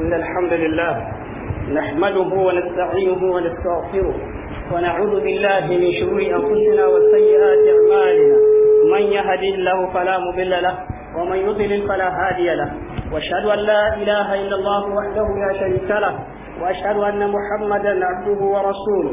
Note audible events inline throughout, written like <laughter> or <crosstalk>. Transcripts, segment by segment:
إن الحمد لله نحمده ونستعينه ونستغفره ونعوذ بالله من شرور أنفسنا وسيئات أعمالنا من يهد الله فلا مضل له ومن يضلل فلا هادي له واشهد أن لا إله إلا الله وحده لا شريك له وأشهد أن محمدا عبده ورسوله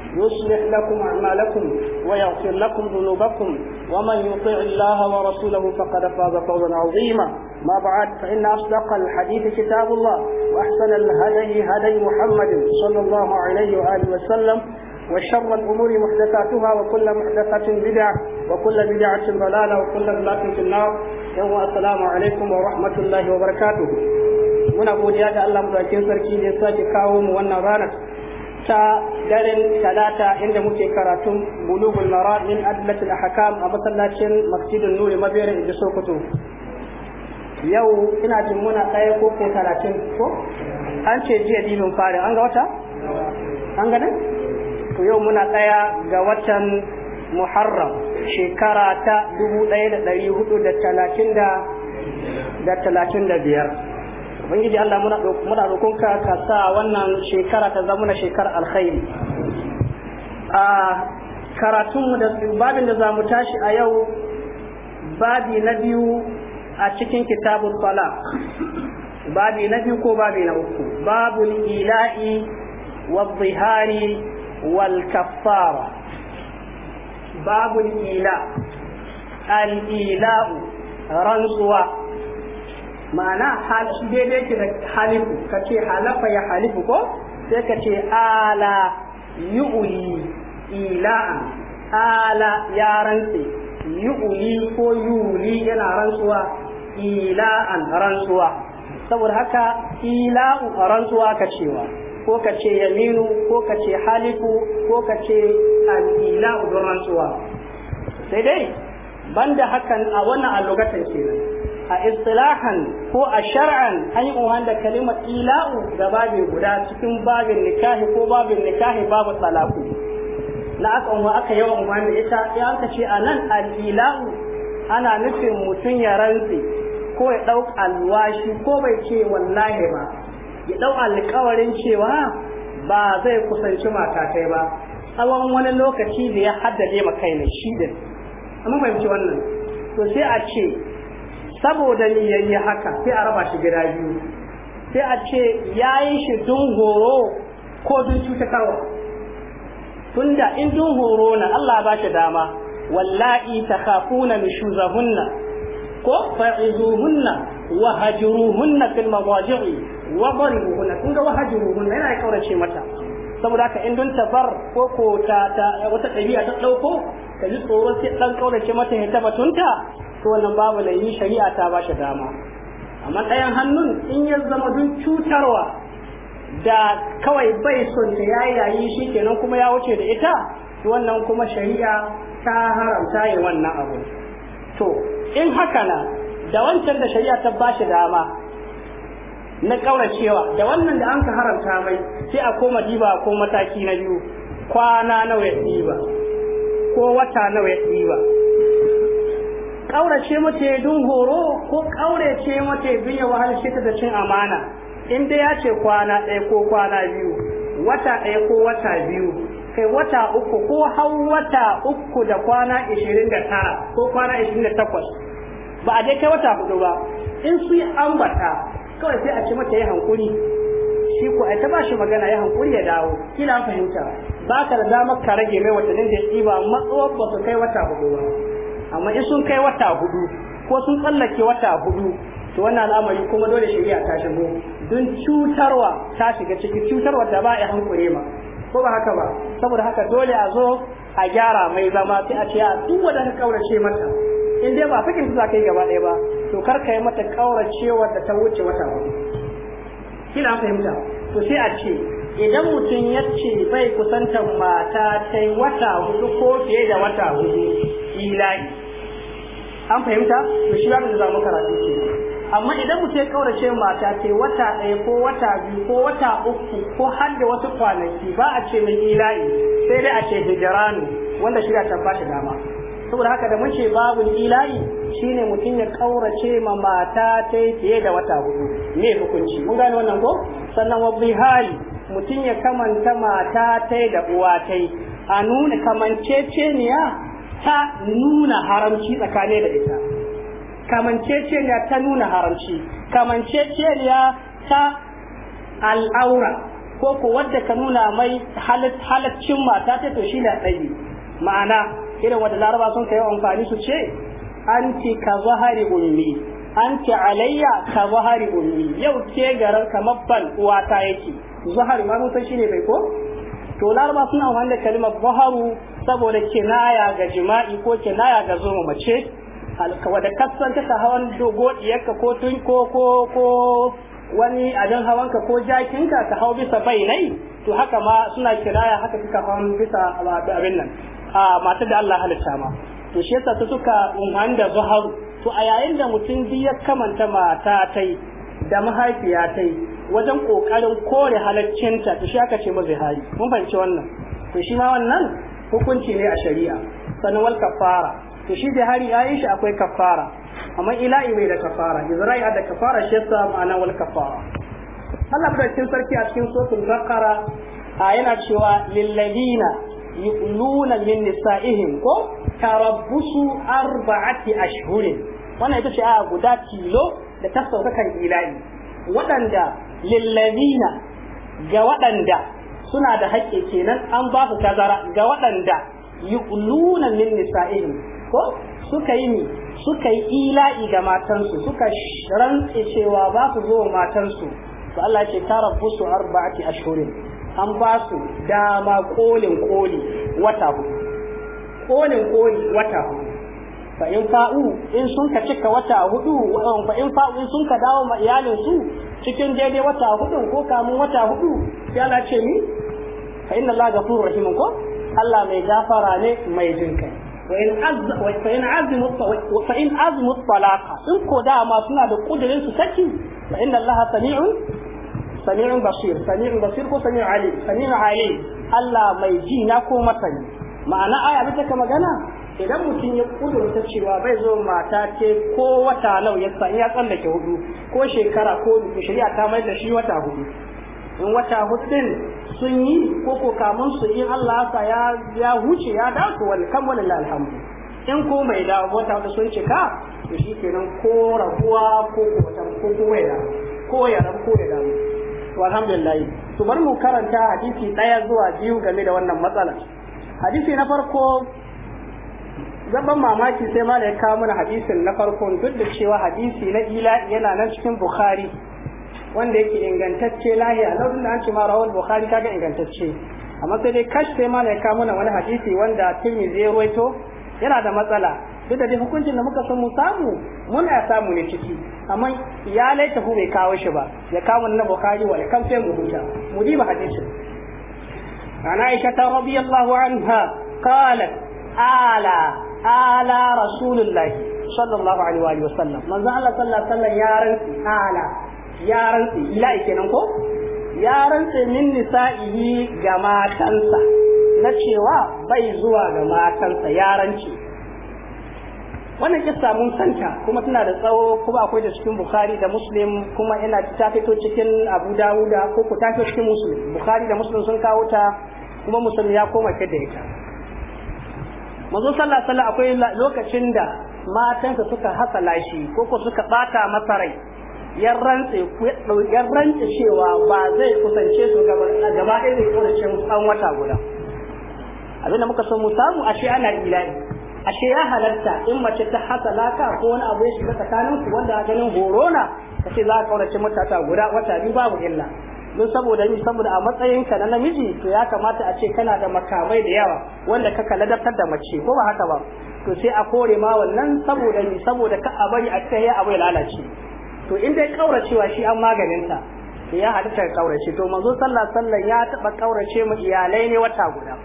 يصلح لكم أعمالكم ويغفر لكم ذنوبكم ومن يطع الله ورسوله فقد فاز فوزا عظيما ما بعد فإن أصدق الحديث كتاب الله وأحسن الهدي هدي محمد صلى الله عليه وآله وسلم وشر الأمور محدثاتها وكل محدثة بدعة وكل بدعة ضلالة وكل ضلالة في النار يوم السلام عليكم ورحمة الله وبركاته muna godiya da Allah madaukakin sarki da ya sake kawo mu wannan ranar ta daren talata inda muke karatun bulugul maram min adlatul ahkam a masallacin masjidin nuri mabiyarin inda sokoto yau ina jin muna ɗaya ko ko talatin ko an ce jiya dinin fara an ga wata an ga nan to yau muna ɗaya ga watan muharram shekara ta dubu ɗaya da ɗari hudu da talatin da da talatin da biyar ubangiji Allah muna muna roƙonka ka sa wannan shekara ta zama na shekarar alkhairi a karatun da babin da zamu tashi a yau babi na biyu a cikin kitabul Fala. babi na biyu ko babi na uku babul ila'i wa zihari wal kaffara babul ila al ila'u rantsuwa ma'ana shi daidai ke da halifu ka ce halafa ya halifu ko sai ka ce ala yu'uli ila'an ala ya rantse yu'uli ko yuli yana rantsuwa ila'an rantsuwa saboda haka ila'u rantsuwa ka cewa ko ka ce yaminu ko ka ce halifu ko ka ce al'ila'u don rantsuwa sai dai banda hakan a wannan allogatan kenan a istilahan ko a shar'an an yi uhan da kalimar ila'u da babi guda cikin babin nikahi ko babin nikahi babu talaku na aka umu aka yawan uhan da ita ya aka ce a nan ila'u ana nufin mutum ya rantse ko ya ɗau alwashi ko bai ce wallahi ba ya ɗau alkawarin cewa ba zai kusanci matakai ba tsawon wani lokaci da ya haddade ma kai ne shi din amma bai wannan to sai a ce saboda ni yi haka sai a raba shi gida biyu sai a ce ya yi shi dun horo ko dun cutarwa tunda in dun horo na Allah ba shi dama wallahi ta kafuna takhafuna nushuzahunna ko fa'izuhunna wa hajuruhunna fil mawaji'i wa daribuhunna kun ga wahajuruhunna yana kaurace mata saboda haka in dun tabar ko ko ta wata ɗabi'a ta ɗauko ka ji tsoron sai ɗan kaurace mata ya tabbatunta to wannan babu layi shari'a ta ba shi dama amma ɗayan hannun in ya zama duk cutarwa da kawai bai son ta yi yayi shi kenan kuma ya wuce da ita wannan kuma shari'a ta haramta yi wannan abu to in haka na da wancan da shari'a ta ba shi dama na kauracewa da wannan da an ka haramta mai sai a koma diba ko mataki na biyu kwana nawa ya diba ko wata nawa ya diba kaurace mata dun horo ko kaurace mata don ya shi ta cin amana in dai ya ce kwana ɗaya ko kwana biyu wata ɗaya ko wata biyu kai wata uku ko har wata uku da kwana ishirin da ko kwana ishirin da takwas ba a dai kai wata hudu ba in su yi ambata kawai sai a ce mata ya hankuri shi ko ai ta ba shi magana ya hankuri ya dawo Kina fahimta ba ka da damar ka rage mai watannin da ya ɗiba ba su kai wata hudu ba amma in sun kai wata hudu ko sun tsallake wata hudu to wannan al'amari kuma dole shari'a ta shigo don cutarwa ta shiga ciki cutarwa da ba a hankure ma ko ba haka ba saboda haka dole a zo a gyara mai zama sai a ce a duk wanda ka mata in dai ba sakin za ka yi gaba ɗaya ba to kar ka yi mata kauracewar da ta wuce wata hudu kila fahimta to sai a ce idan mutum ya ce bai kusantar mata ta wata hudu ko fiye da wata hudu ilahi an fahimta to shi zaka zamu karatu ke amma idan mu sai kaurace mata ce wata ɗaya ko wata biyu ko wata uku ko har da wasu kwanaki ba a ce mai ila'i sai dai a ce hijiranu wanda shi ta ba dama saboda haka da mun ce babu ila'i shine mutum ya kaurace ma mata ta fiye da wata hudu me hukunci mun gane wannan ko sannan wa bihari mutum ya kamanta mata ta da uwa ta a nuna kamanceceniya ta nuna haramci tsakane da ita kamanceceniya ta nuna haramci kamanceceniya ta al'aura ko ko wadda ka nuna mai halaccin mata ta to shine tsayi ma'ana irin wadda laraba sun kai amfani su ce anti ka zahari ummi anti alayya ka zahari ummi yau ke garar kamar ban uwata yake zahari ma mutan shine bai ko to laraba suna amfani da kalimar zaharu saboda kinaya ga jima'i ko kinaya ga zoma mace wadda kasanta ta hawan dogodiyarka ko tun ko ko ko wani abin hawanka ko jakinka ka hau bisa bai nai? to haka ma suna kinaya haka suka hawan bisa abin nan a matar da Allah halitta ma to shi yasa suka umhan da zuharu to a yayin da mutum biyar ya kamanta mata tai da mahaifiya tai wajen kokarin kore halaccinta to shi aka ce mazihari mun fahimci wannan to shi ma wannan hukunci ne a shari'a sannan wal kafara to shi zihari hari yi shi akwai kafara amma ila'i bai da kafara izra'i da kafara shi yasa ma'ana wal kafara Allah madaukakin sarki a cikin suratul baqara a yana cewa lilladina yu'luna min nisa'ihim ko tarabbusu arba'ati ashhurin wannan ita ce a guda tilo da ta sauka kan ila'i waɗanda lillazina ga waɗanda suna da haƙƙi kenan an ba su tazara ga waɗanda yuqluna min nisa'ihim ko suka yi suka yi ila'i ga matansu suka rantse cewa ba su zo matansu to Allah ce tara busu arba'ati ashhurin an ba su dama kolin koli wata hudu kolin koli wata hudu fa in fa'u in sun ka cika wata hudu fa in fa'u in sun ka dawo ma iyalin su cikin daidai wata hudu ko kamun wata hudu ya Allah ce ni fa inna Allah ghafurur rahim ko Allah mai gafara ne mai jin wa in azza wa in azmu fa in azmu talaqa in ko da ma suna da kudirin su saki fa inna Allah sami'un sami'un basir sami'un basir ko sami'un alim sami'un alim Allah mai ji na ko masani ma'ana aya da take magana idan mutum ya kudurta cewa bai zo mata ce ko wata nau ya san ya tsallake hudu ko shekara ko shari'a ta mai da shi wata hudu in wata hudun sun yi ko ko kamun su in Allah sa ya ya huce ya wani wal kamalu alhamdu in ko mai da wata hudu sun cika to shi kenan ko rabuwa ko ko wata ko ko mai da ko ya ran ko ya da to alhamdulillah to bari mu karanta hadisi daya zuwa biyu game da wannan matsalar hadisi na farko Zan ban mamaki sai mana ya kawo mana hadisin na farko duk da cewa hadisi na ila yana nan cikin bukhari wanda yake ingantacce lahiya lokacin da an ce ma rawal bukhari kaga ingantacce amma sai dai kash sai da ya kawo mana wani hadisi wanda tuni zai ruwaito yana da matsala duk da dai hukuncin da muka san mu samu mun muna samu ne ciki amma ya laita hu bai kawo shi ba ya kawo na bukhari wa ya kan sai mu huta mu diba hadisin عن عائشة رضي الله عنها قالت ala. ala rasulullahi sallallahu alaihi wa sallam manzo Allah sallallahu alaihi ya rantsi ala ya rantsi ila kenan ko ya rantse min nisa'ihi ga matansa na cewa bai zuwa ga matansa ya rance wannan kissa mun santa kuma tana da tsawo kuma akwai da cikin bukhari da muslim kuma ina ta fito cikin abu dawuda ko ku ta fito cikin muslim bukhari da muslim sun kawo ta kuma musulmi ya koma da ita manzo sallallahu alaihi akwai lokacin da matansa suka hasala shi ko ko suka bata masa rai ya rantse cewa ba zai kusance su gaba gaba ɗaya zai kusance cin san wata guda abinda muka so mu samu ashe ana ilahi ashe ya halarta in mace ta hasala ka ko wani abu ya shiga tsakanin su wanda ganin horona kace za ka kaurace mutata guda wata biyu babu illa don saboda ni saboda a matsayin ka na namiji to ya kamata a ce kana da makamai da yawa wanda ka ladabtar da mace ko ba haka ba to sai a kore ma wannan saboda ni saboda ka a bari a kai ya abai lalace to in dai kauracewa shi an maganinta to ya halitta kaurace to manzo sallah sallan ya taba kaurace mu iyalai ne wata guda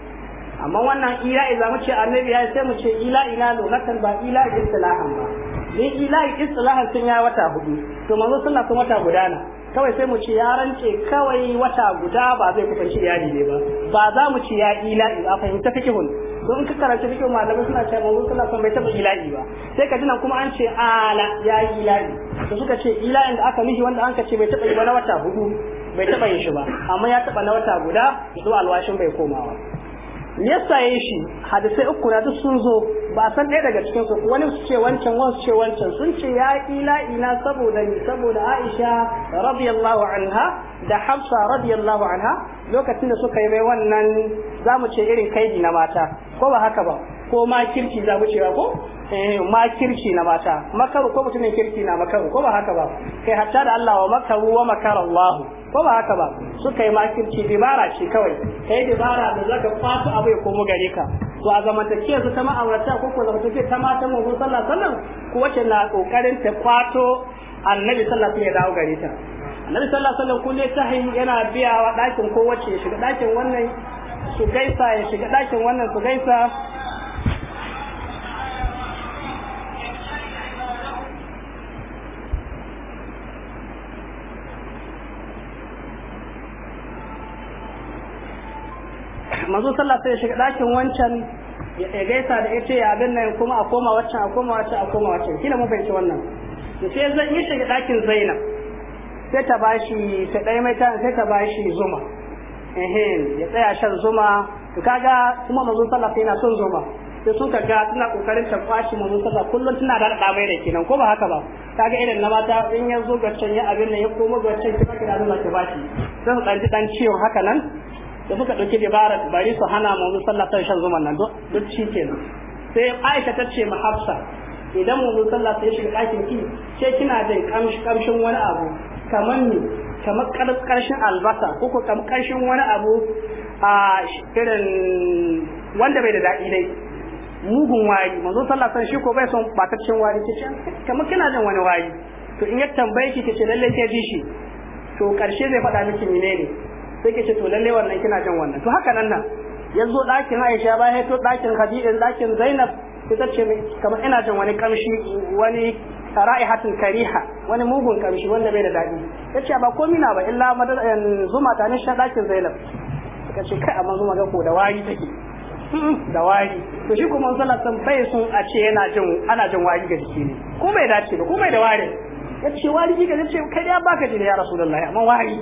amma wannan ila za mu ce annabi ya sai mu ce ila'i na lokacin ba ila'i istilahan ba ni ila'i istilahan sun ya wata hudu to manzo alaihi wasallam wata guda na kawai sai mu ce ya rance kawai wata guda ba zai kusanci yadi ne ba ba za mu ce ya ila'i a fahimta hun don ka karanta ma malamai suna ce mun suna son bai taba ila'i ba sai ka nan kuma an ce ala ya yi ila'i da suka ce ila'in da aka mishi wanda an ka ce bai taba yi ba na wata hudu bai taba yin shi ba amma ya taba na wata guda zuwa alwashin bai komawa yasa yayi shi hadisai uku na duk sun zo ba san ɗaya daga cikin su wani su ce wancan wani su ce wancan sun ce ya ila ila saboda ni saboda Aisha radiyallahu anha da Hafsa radiyallahu anha lokacin da suka yi mai wannan zamu ce irin kaidi na mata ko ba haka ba ko ma kirki zamu ba ko Eh, ma kirki na mata makaru ko mutumin kirki na makaru ko ba haka ba kai hatta da Allah wa makaru wa makara Allah ko ba haka ba Su kai ma kirki. dibara ce kawai kai dibara da zaka kwato abu ya komo gare ka to a take su ta ma'aurata ko ko take ta matan mu sallallahu alaihi wasallam ko wace na kokarin ta kwato annabi sallallahu alaihi wasallam ya dawo gare ta annabi sallallahu alaihi wasallam kullum tahi yana biya wa dakin ko wace shiga dakin wannan su gaisa ya shiga dakin wannan su gaisa mazo sallah sai ya shiga dakin wancan ya gaisa da ita ya abin nan kuma a koma wancan a koma wancan a koma wancan kina mun fahimci wannan ya sai zan yi shiga dakin Zainab sai ta bashi ta dai mai ta sai ta bashi zuma ehem ya tsaya shan zuma to kaga kuma mazo sallah sai yana son zuma sai sun ka ga tana kokarin ta kwashi manzon sallah kullum tana da da mai da kenan ko ba haka ba kaga irin na mata in ya zo ga can ya abin nan ya komo ga can kira kira Allah ta bashi sai su dan dan ciwon haka nan da suka ɗauki dabarar bari su hana manzo sallah ta shan zuman nan duk shi kenan sai Aisha ta ce mahafsa idan mu sallah sai shiga ɗakin ki ce kina jin kamshi kamshin wani abu kamar ni kamar karshen albasa ko ko kamar karshen wani abu a irin wanda bai da daɗi dai mugun wayi manzo sallah sai shi ko bai son bataccen wayi ce kamar kina jin wani wayi to in ya tambaye ki ce lalle ke ji shi to karshe zai faɗa miki menene sai ke ce to lalle wannan kina jin wannan to haka nan nan yanzu ɗakin Aisha ba ya to ɗakin Khadija ɗakin Zainab ita ce kamar ina jin wani kamshi wani ra'ihatin kariha wani mugun kamshi wanda bai da daɗi ce ba komai na ba illa madadan eh, zuma ta nisha ɗakin Zainab ka ce kai amma zuma ga ko da wari take da wari to shi kuma sallah san bai sun a ce yana jin ana jin wari ga jiki ne ko bai dace ba ko bai da wari yace wari ga yace kai ya baka jini ya rasulullahi amma wari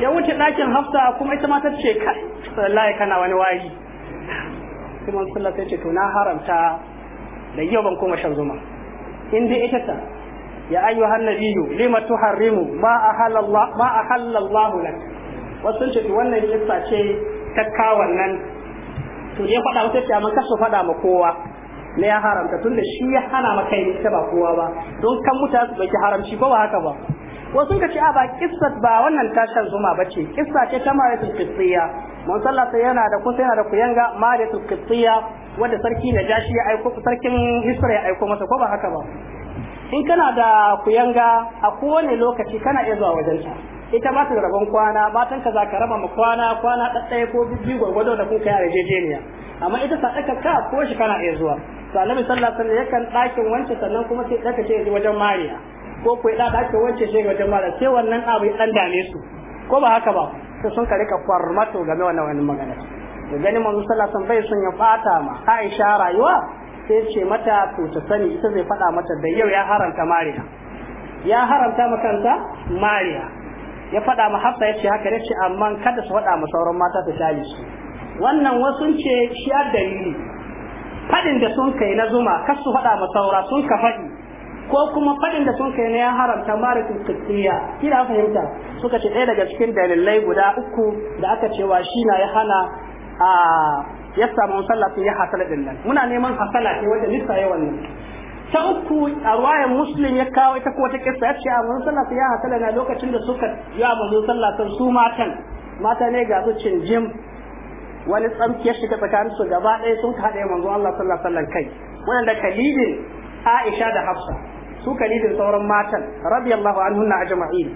ya wuce ɗakin hafsa kuma ita ma ta ce kai sallallahi kana wani wari kuma sallah sai ce to na haramta da yau ban koma shan zuma in dai ita ta ya ayyuhan nabiyyu lima tuharrimu ma ahallallah ma ahallallahu lak wasu ce wannan yasa ce ta kawan nan to ya faɗa wata ce amma kasu faɗa ma kowa na ya haramta tunda shi ya hana maka yin ta ba kowa ba don kan mutane su ɗauki haramci ko ba haka ba sun ka ce a ba kissat ba wannan tashar zuma ce kissa ce ta maritul qissiya mun sallata yana da kusa yana da kuyanga maritul kissiya wanda sarki na jashi ya aiko sarkin hisra ya aiko masa ko ba haka ba in kana da kuyanga a kowane lokaci kana iya zuwa wajen ta ita ba ta rabon kwana matan ka za ka raba ma kwana kwana ɗaɗɗaya ko biyu gwargwado da kun kai a yarjejeniya amma ita ta ɗaka ka ko shi kana iya zuwa to annabi sallallahu alaihi wasallam yakan ɗakin wancan sannan kuma sai ɗaka ce wajen mariya ko ku yi da ake wance shi wajen mara sai wannan abu ya dan dame su ko ba haka ba su sun ka rika farmato game wannan wani magana da gani manzo sallallahu alaihi bai sun ya fata ma Aisha rayuwa sai ce mata to ta sani ita zai faɗa mata da yau ya haranta mariya ya haranta makanta mariya ya faɗa ma hafsa ya haka ya ce amma kada su faɗa ma sauran mata ta shayi su wannan wasu ce shi dalili faɗin da sun kai na zuma kasu su faɗa ma saura sun ka faɗi ko kuma faɗin da sun kai ne ya haramta marikin kuddiya kina fahimta suka ce ɗaya daga cikin dalilai guda uku da aka cewa shi na ya hana a ya samu sallah ya hasala din nan muna neman hasala ce wanda lissa yawan nan ta uku a ruwayan musulun ya kawo ita ko ta kissa ya ce a manzon sallah ya hasala na lokacin da suka yi a manzon sallah su matan mata ne ga su cin jim wani tsamki ya shiga tsakanin su gaba ɗaya sun haɗe manzo Allah sallallahu alaihi wasallam kai wannan da kalibin Aisha da Hafsa su kalidin sauran matan radiyallahu anhunna ajma'in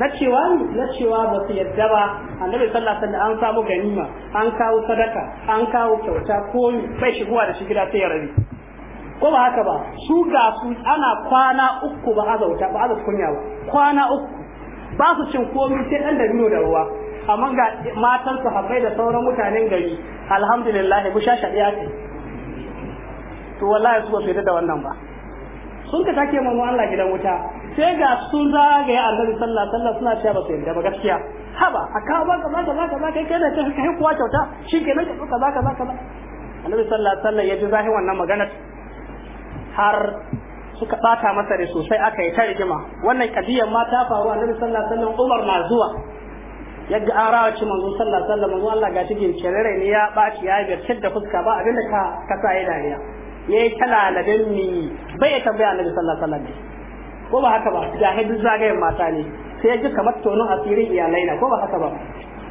na cewa na cewa ba su yadda ba annabi sallallahu alaihi wasallam an samu ganima an kawo sadaka an kawo kyauta ko bai shigowa da shi gida sai ya rabi ko ba haka ba su ga su ana kwana uku ba azauta ba azauta kunya ba kwana uku ba su cin komai sai dan da nino da ruwa amma ga matan su sahabbai da sauran mutanen gari alhamdulillah busha shadiya ce to wallahi su ba su yadda da wannan ba sun ka take mamu Allah gidan wuta sai ga sun zagaye annabi sallallahu alaihi wasallam suna cewa ba su yarda ba gaskiya haba a kawo ba kaza kaza kaza kai kai da kai kai kuwa kyauta shi ke nan kaza kaza kaza kaza annabi sallallahu alaihi wasallam ya ji zahi wannan magana har suka bata masa da sosai aka yi ta rigima wannan kadiyar ma ta faru annabi sallallahu alaihi wasallam Umar na zuwa ya ga arawa ci manzo sallallahu alaihi wasallam manzo Allah ga cikin kirare ne ya baci ya ga da fuska ba abinda ka ka sai dariya ya yi da ni bai ya tambaya annabi sallallahu alaihi wasallam ko ba haka ba jahilin zagayen mata ne sai ya ji kamar tonon asirin iyalai na ko ba haka ba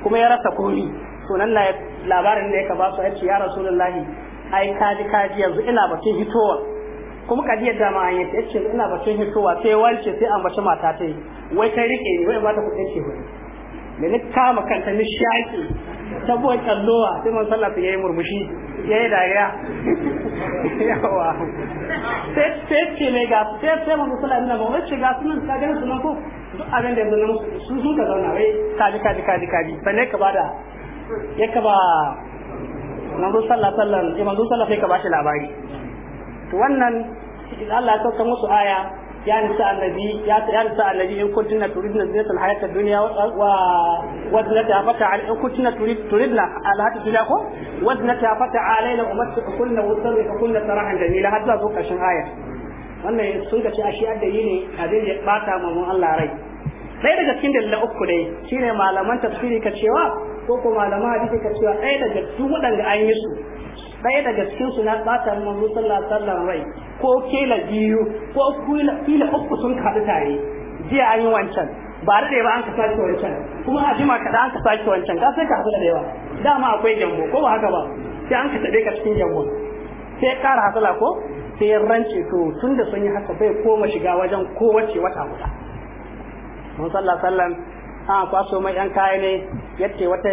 kuma ya rasa komi sunan na labarin da ya ba su yace ya rasulullahi ai kaji kaji yanzu ina batun hitowa kuma yadda ma an yace yace ina batun hitowa sai wance sai an bace mata ta yi wai ta riƙe ni wai ba ta kuɗin ce wani da ni kama kanta ni shaki saboda kallowa sai man sallah ya yayi murmushi yayi yi dariya <laughs> yawa sai sai ke ne ga sai sai man sallah ina ba wacce ga sunan ka ga sunan ko duk ran da yanzu na su su ka zauna wai kaji kaji kaji kaji sannan ka bada ya ka ba manzo sallah sallan manzo sallah sai ka ba shi labari to wannan idan Allah ya sauka musu aya ya nisa annabi ya nisa annabi in kuntunna turidna zinata alhayata dunya wa wa ta fata al in ta turid turidna alhayata dunya ko wa zinata fata alaina umattu kunna wasarri kunna sarahan jamila hadda zo kashin aya wannan sun kace ne abin ya bata ma Allah rai ɗaya daga cikin dalilan uku dai shine malaman tafsiri ka cewa ko ko malaman hadisi ka cewa ɗaya daga duk waɗanda an yi su ɗaya daga cikin su na ɓata manzo sallallahu alaihi wasallam rai ko kila biyu ko kila uku sun kaɗu tare jiya an yi wancan ba da ba an ka sake wancan kuma a jima kaɗa an ka sake wancan ka sai ka haɗu da yawa dama akwai gyambo ko ba haka ba sai an ka taɓe ka cikin gyambo sai ya ƙara hasala ko sai ya rance to tun da sun yi haka bai koma shiga wajen kowace wata guda mun sallah sallan an kwaso mai yan kaya ne yadda wata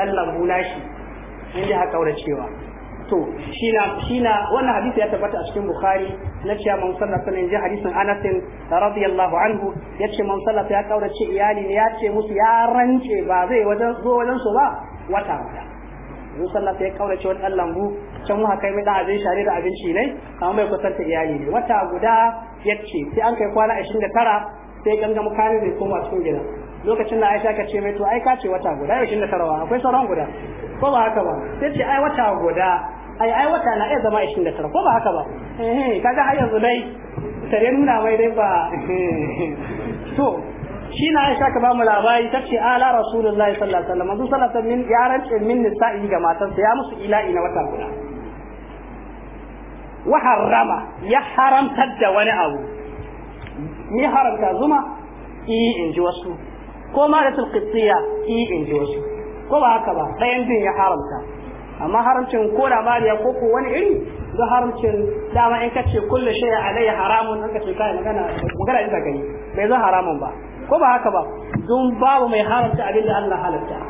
ɗan lambu nashi in ji haka cewa to shi na wannan hadisi ya tabbata a cikin bukhari na cewa man sallata ne ji hadisin anas radiyallahu anhu ya ce man sallata ya ce iyali ne ya ce musu ya rance ba zai wajen zo wajen su ba wata wata in sallata ya kaurace wani dan lambu can mu haka mai da azai share da abinci ne amma bai kusanta iyali ne wata guda yace sai an kai kwana 29 sai gangam mukani zai koma cikin gida lokacin da Aisha ka ce mai to ai ka ce wata guda 29 akwai sauran guda ko ba haka ba sai ce ai wata guda ai ai wata na iya zama 29 ko ba haka ba eh kaga har yanzu dai tare nuna mai dai ba eh. to shi na Aisha ka bamu labari ta ce ala rasulullahi sallallahu alaihi wasallam manzo sallallahu alaihi wasallam ya rance min nisa'i ga matansa ya musu ila'i na wata guda wa harrama ya haramta da wani abu ni haramta zuma i in ji wasu ko ma da tulqittiya i in ji wasu ko ba haka ba ɗayan din ya haramta amma haramcin ko da mariya ko ko wani iri don haramcin dama in kace kullu shay'a alayya haramun an kace kai magana magana ita gani bai zan haramun ba ko ba haka ba don babu mai haramta abin da Allah halatta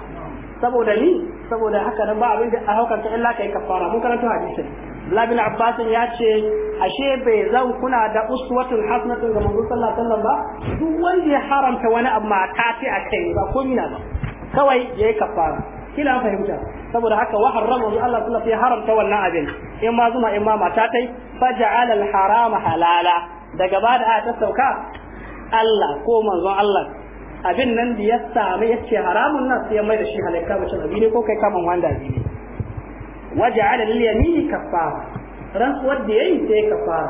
saboda ni saboda haka nan ba abin da a haukanta illa kai kafara mun karanta hadisin Abdullah bin Abbas ya ce ashe bai zan kuna da uswatun hasanatun ga manzon sallallahu alaihi wasallam ba duk wanda ya haramta wani abu ta ce a kai ba ko mina ba kawai yayi kafara kila fahimta saboda haka wa harrama bi Allah sallallahu ya haramta wannan abin in ma zuma in ma mata tai faja'ala al-harama halala daga ba da ta sauka Allah ko manzon Allah abin nan da ya samu ya ce haramun nan sai mai da shi halakka ba abi ne ko kai kaman wanda abi ne waja'ala lil yamini kafara rantsuwar da yayi sai kafara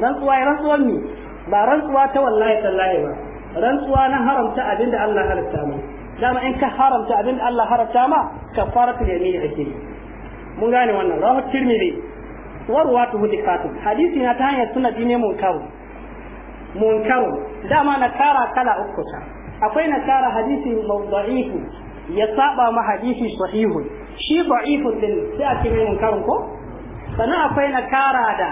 rantsuwa ya rantsuwar ni ba rantsuwa ta wallahi tallahi ba rantsuwa na haramta abin da Allah halitta mai dama in ka haramta abin da Allah haramta ma kafaratul yamin ake mun gane wannan rawahu tirmidhi warwatu hudikatun hadisi na ta hanyar mun kawo mun kawo dama na kara kala uku ta akwai na kara hadisi mawdu'ihu ya saba ma hadisi sahihu shi da'ifu din sai a cikin munkarun ko sannan akwai na kara da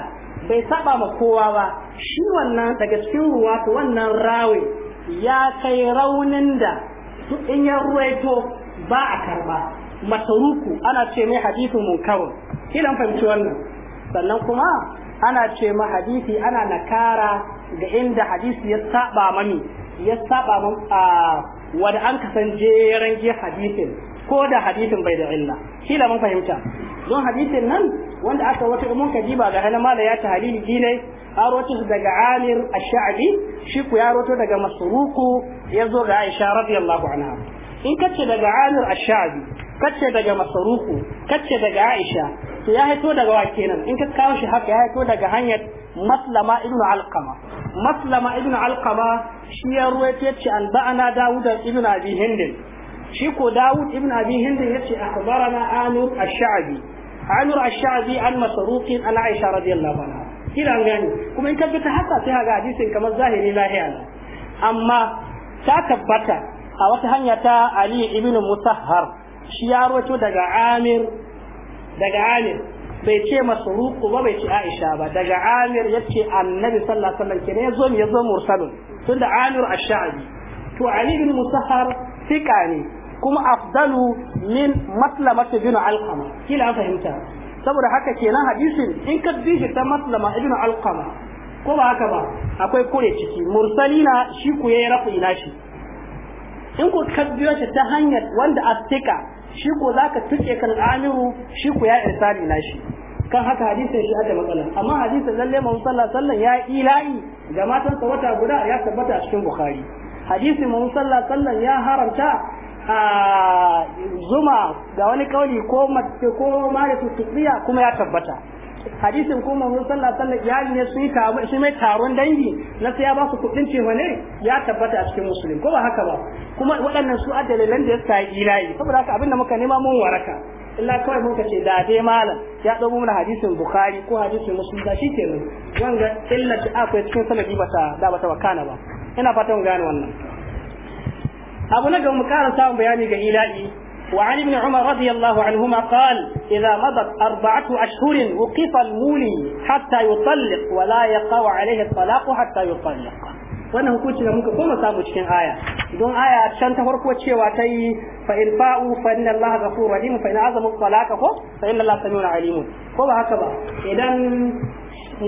bai saba ma kowa ba shi wannan daga cikin ruwa wannan rawi ya kai raunin da duk in ya ruwaito ba a karba mataruku ana ce mai mun kawo kidan fahimci wannan sannan kuma ana ce ma hadisi ana nakara ga inda hadisi ya saba mami ya saba mun a wanda an kasance range hadisin ko da hadisin bai da illa kila mun fahimta don hadisin nan wanda aka wata mun kadiba ga hana mala ya ta halili ne aroto daga Amir Ash-Sha'bi shi ku ya roto daga Masruku yazo ga Aisha radiyallahu anha in kace daga Amir Ash-Sha'bi kace daga Masruku kace daga Aisha to ya haito daga wa kenan in ka kawo shi haka ya haito daga hanyar Maslama ibn Alqama Maslama ibn Alqama shi ya ruwaito yace an ba'ana Dawud ibn Abi Hind shi ko Dawud ibn Abi Hind yace akhbarana Amir Ash-Sha'bi Amir Ash-Sha'bi an Masruq an Aisha radiyallahu anha kila an kuma in tabbata ta haka sai ga hadisin kamar zahiri lahiya amma ta tabbata a wata hanya ta Ali ibn Musahhar shi ya roto daga Amir daga Amir bai ce masruku ba bai ce Aisha ba daga Amir yace Annabi sallallahu alaihi wasallam kenan yazo mu yazo mursalun tunda Amir ash-Sha'bi to Ali ibn Musahhar fika ne kuma afdalu min maslamatu bin alqama kila fahimta saboda haka kenan hadisin in ka dishi ta maslama ibn alqama ko ba haka ba akwai kure ciki mursalina shi ku yayi rafi ina shi in ku ka shi ta hanyar wanda astika shi ko zaka tuke kan amiru shi ku yayi irsali na shi kan haka hadisin shi aka matsala amma hadisin lalle mun sallallahu alaihi ya ila'i ga matan sa wata guda ya tabbata a cikin bukhari hadisin mun sallallahu alaihi ya haramta zuma ga wani kauli ko mace ko mare tutsiya kuma ya tabbata hadisin kuma mun sallah sallah iyali ne su yi taro shi mai taron dangi na sai ya ba su kudin ce wane ya tabbata a cikin musulun ko ba haka ba kuma waɗannan su a da ya sa ilahi saboda haka abinda muka nema mun waraka illa kawai muka ce da dai malam ya ɗau mun hadisin bukhari ko hadisin muslim da shikenan wanga illa ta akwai cikin sanadi ba ta da ba ta wakana ba ina fatan gane wannan abu na gaba mu ƙara samun bayani ga ila'i وعن ابن عمر رضي الله عنهما قال إذا مضت أربعة أشهر وقف المولي حتى يطلق ولا يقع عليه الطلاق حتى يطلق wannan hukunci da muka koma samu cikin aya don aya can ta farko cewa ta yi fa in fa'u fa inna allaha ghafurur rahim fa in ko fa inna allaha samiun alim ko ba haka ba idan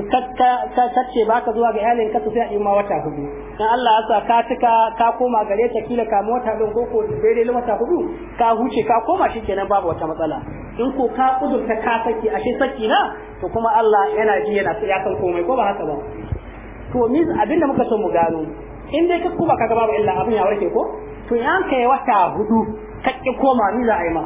kacce ba ka zuwa ga iyalin ka sai a ma wata hudu dan Allah ya ka tuka ka koma gare ta kila ka mota din ko ko daidai wata hudu ka huce ka koma shikenan babu wata matsala in ko ka kudurta ka saki ashe saki na to kuma Allah yana ji yana ya san komai ko ba haka ba to min abinda muka so mu gano in dai ka kuma ka babu illa abin ya warke ko to yan kai wata hudu ka ki koma ni za a yi ma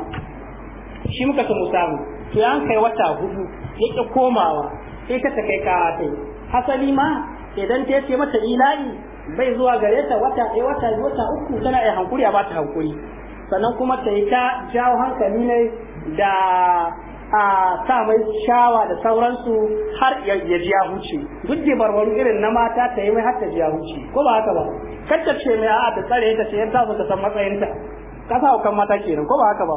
shi muka so mu samu to yan kai wata hudu ya ki komawa sai ka kai kara ta hasali ma idan ta ce mata ilahi bai zuwa gare ta wata ɗaya wata biyu wata uku tana iya hankuri a bata hankuri sannan kuma ta yi ta jawo hankali ne da a sa mai shawa da sauransu har ya ji ya huce duk da barbaru irin na mata ta yi mai har ta ji ya huce ko ba haka ba kar ta ce mai a'a ta tsare ta ce yadda ba ta san matsayinta ka sa kan mata kenan ko ba haka ba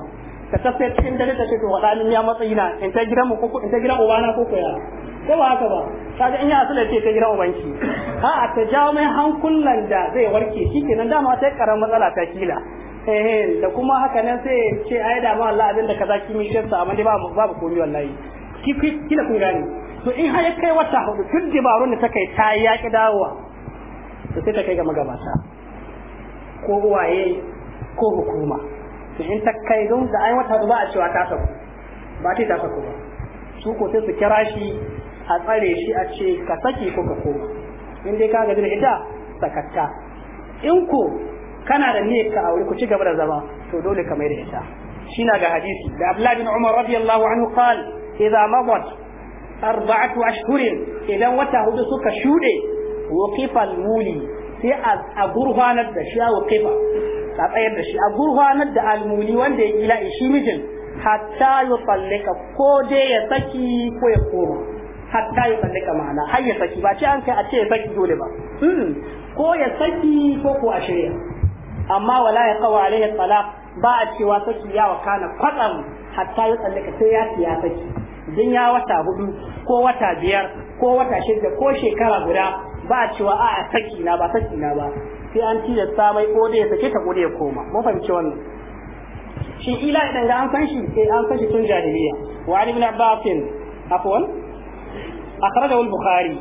ka tafi cikin dare ta shekaru to ya matsayi na in ta gidan mu ko in ta gidan ubana ko koya ko ba haka ba ga in ya asala ce ta gidan ubanki a a ta jawo mai hankulan da zai warke shikenan dama sai karan matsala ta kila eh da kuma haka nan sai ce ai da ma Allah abinda da kaza ki mi shirsa amma dai babu babu komai wallahi ki kina kun gane to in har ya kai wata hudu duk dibarun da ta kai ta yaki dawowa to sai ta kai ga magabata ko waye ko hukuma to in ta kai don da an wata ba a cewa ta saku ba ta saku ba su ko sai su kira shi a tsare shi a ce ka saki ko ka koma in dai ka gaji da ita sakatta in ko kana da niyyar ka aure ku ci gaba da zama to dole ka mai da ita shi na ga hadisi da Abdullah bin Umar radiyallahu anhu qal idza madat arba'atu ashhurin idan wata hudu suka shude wa al-muli sai a gurfanar da shi a tsayar da shi a gurfanar da almuni wanda ya kila ishi mijin hatta ya tsallika ko dai ya saki ko ya koma hatta ya tsallika ma'ana har ya saki ba ce an kai a ce ya saki dole ba hmm, ko ya saki ko ko a shirya amma wala ya kawo alaihi tsala ba a cewa saki ya wakana kwatsam hatta ya tsallika sai ya siya saki idan ya wata hudu ko wata biyar ko wata shida ko shekara guda ba a cewa a a saki na ba saki na ba sai an ci da samai ko ya sake ta ko ya koma mun fahimci wannan shi ila idan ga an san shi sai an san shi tun jahiliya wa ibn abbas afwan akhraja al-bukhari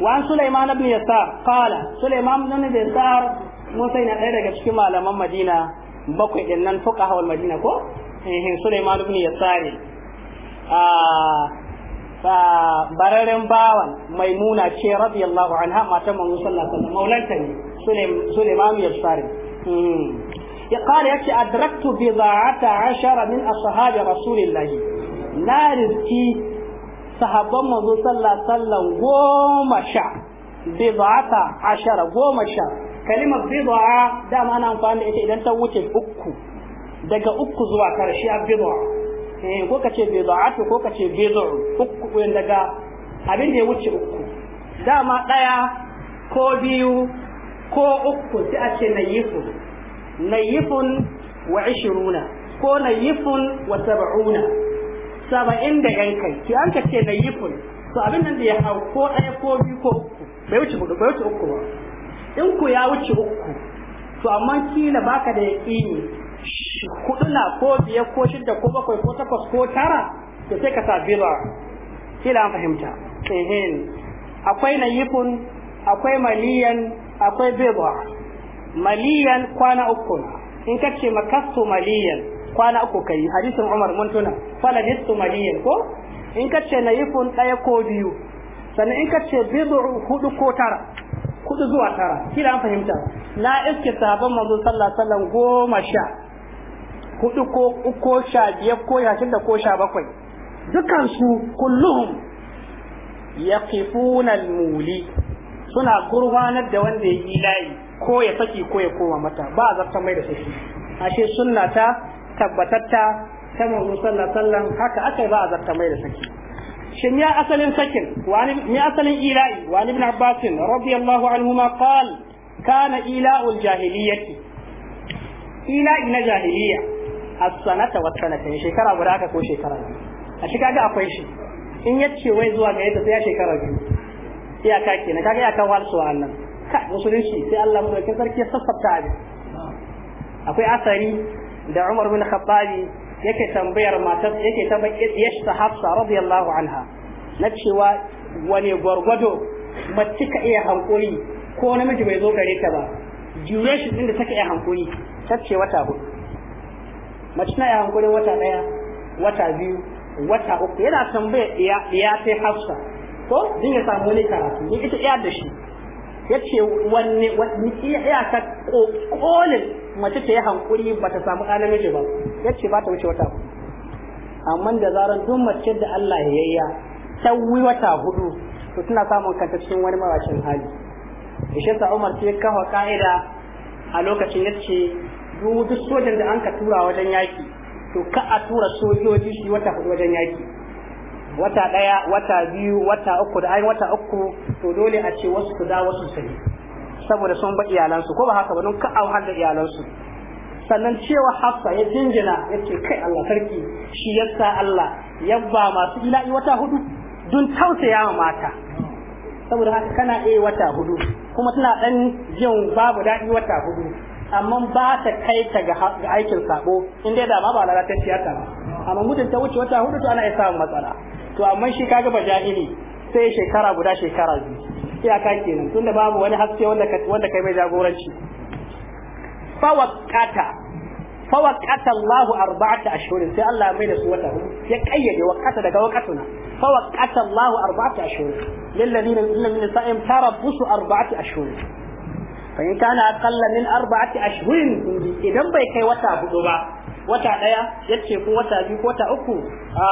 wa an sulaiman ibn yasar qala sulaiman ibn yasar mun sai na ɗaya daga cikin malaman madina bakwai din nan fuqaha wal madina ko eh, eh sulaiman ibn yasar ah bararen bawan maimuna ce radiyallahu anha matan manzo sallallahu alaihi wasallam maulanta ne Sulaiman Yasari hmm. ya kare yace adraktu bida'ata ashara min ashabi rasulillahi na rizki sahabban manzo sallallahu alaihi wasallam goma sha bida'ata ashara goma sha kalimar bida'a dama ana amfani da ita idan ta wuce uku daga uku zuwa karshe a bida'a eh ko kace bid'atu ko kace bid'u uku daga abin da ya wuce uku dama daya ko biyu ko uku sai a ce yi nayifun wa 20 ko nayifun wa 70 saba'in da yan kai ki an kace nayifun to abin nan da ya hau ko daya ko biyu ko uku bai wuce uku bai wuce uku ba in ku ya wuce uku to amma kila baka da yaqini hudu na ko biyar ko shidda ko bakwai ko takwas ko tara da sai ka sa bid'a da an fahimta ehin akwai na yifun akwai maliyan akwai bebo maliyan kwana uku in ka ce makasto maliyan kwana uku kai hadisin Umar mun tuna faladistu maliyan ko in ka ce na yifun daya ko biyu sannan in ka ce bebo hudu ko tara kudu zuwa tara kila an fahimta na iske sahabban manzo sallallahu alaihi wasallam goma sha hudu ko uku sha biyar ko sha shida ko sha bakwai dukansu kulluhum ya kifunan muli suna gurfanar da wanda ya yi layi ko ya saki ko ya koma mata ba a zartar mai da saki ashe sunna ta tabbatatta ta manzo sallallahu haka akai ba a zartar mai da saki shin ya asalin sakin wani mi asalin ila'i wani ibn abbas radiyallahu anhuma qal kana ila'ul jahiliyyati ila'i na jahiliyya as-sanata wa sanatayn shekara guda aka ko shekara biyu a shi kaga akwai shi in yace wai zuwa ga yadda sai ya shekara biyu ka kenan kaga iyaka su wannan ka musulunci sai Allah mu ke sarki sassafta abin akwai asari da Umar bin Khattab yake tambayar matar yake tambayar yashta Hafsa radiyallahu anha na cewa wani gwargwado mace ka iya hankuri ko namiji bai zo gare ta ba jure shi din da take iya hankuri ta ce wata hudu mace na yawon hankuri wata daya wata biyu wata uku yana tambayar ya sai hafsa ko din ya samu wani karatu ni ita iya da shi Ya ce wani iya kolin mace ta yi hankuri ta samu ɗan namiji ba Ya ce ba ta wuce wata amma da zarar duk mace da Allah ya yayya ta wata hudu to tana samun kanta cikin wani mawacin hali ishe sa Umar sai kafa ka'ida a lokacin yace duk duk sojan da an ka tura wajen yaki to ka a tura sojoji shi wata hudu wajen yaki wata daya wata biyu wata uku da ai wata uku to dole a ce wasu su da wasu su saboda sun ba iyalansu ko ba haka ba don ka a har da iyalansu sannan cewa hafsa ya jinjina ya ce kai Allah sarki shi yasa Allah yabba masu ila'i wata hudu don tausaya ma mata saboda haka kana iya wata hudu kuma tana dan jin babu daɗi wata hudu amma ba ta kai ta ga aikin sabo in dai dama ba lalata ta ba amma mutum ta wuce wata hudu to ana iya samun matsala to amma shi kaga ba jahili sai shekara guda shekara biyu iyaka kenan tunda babu wani haske wanda wanda kai mai jagoranci fawakata fawakata Allah arba'ata ashhurin sai Allah mai da su wata hudu ya kayyade wakata daga wakatuna fawakata Allah arba'ata ashhurin lil ladina lil ladina sa'im tarabusu arba'ata ashhurin fa in kana aqalla min arba'ati ashhurin idan bai kai wata hudu ba wata daya yace ko wata biyu ko wata uku a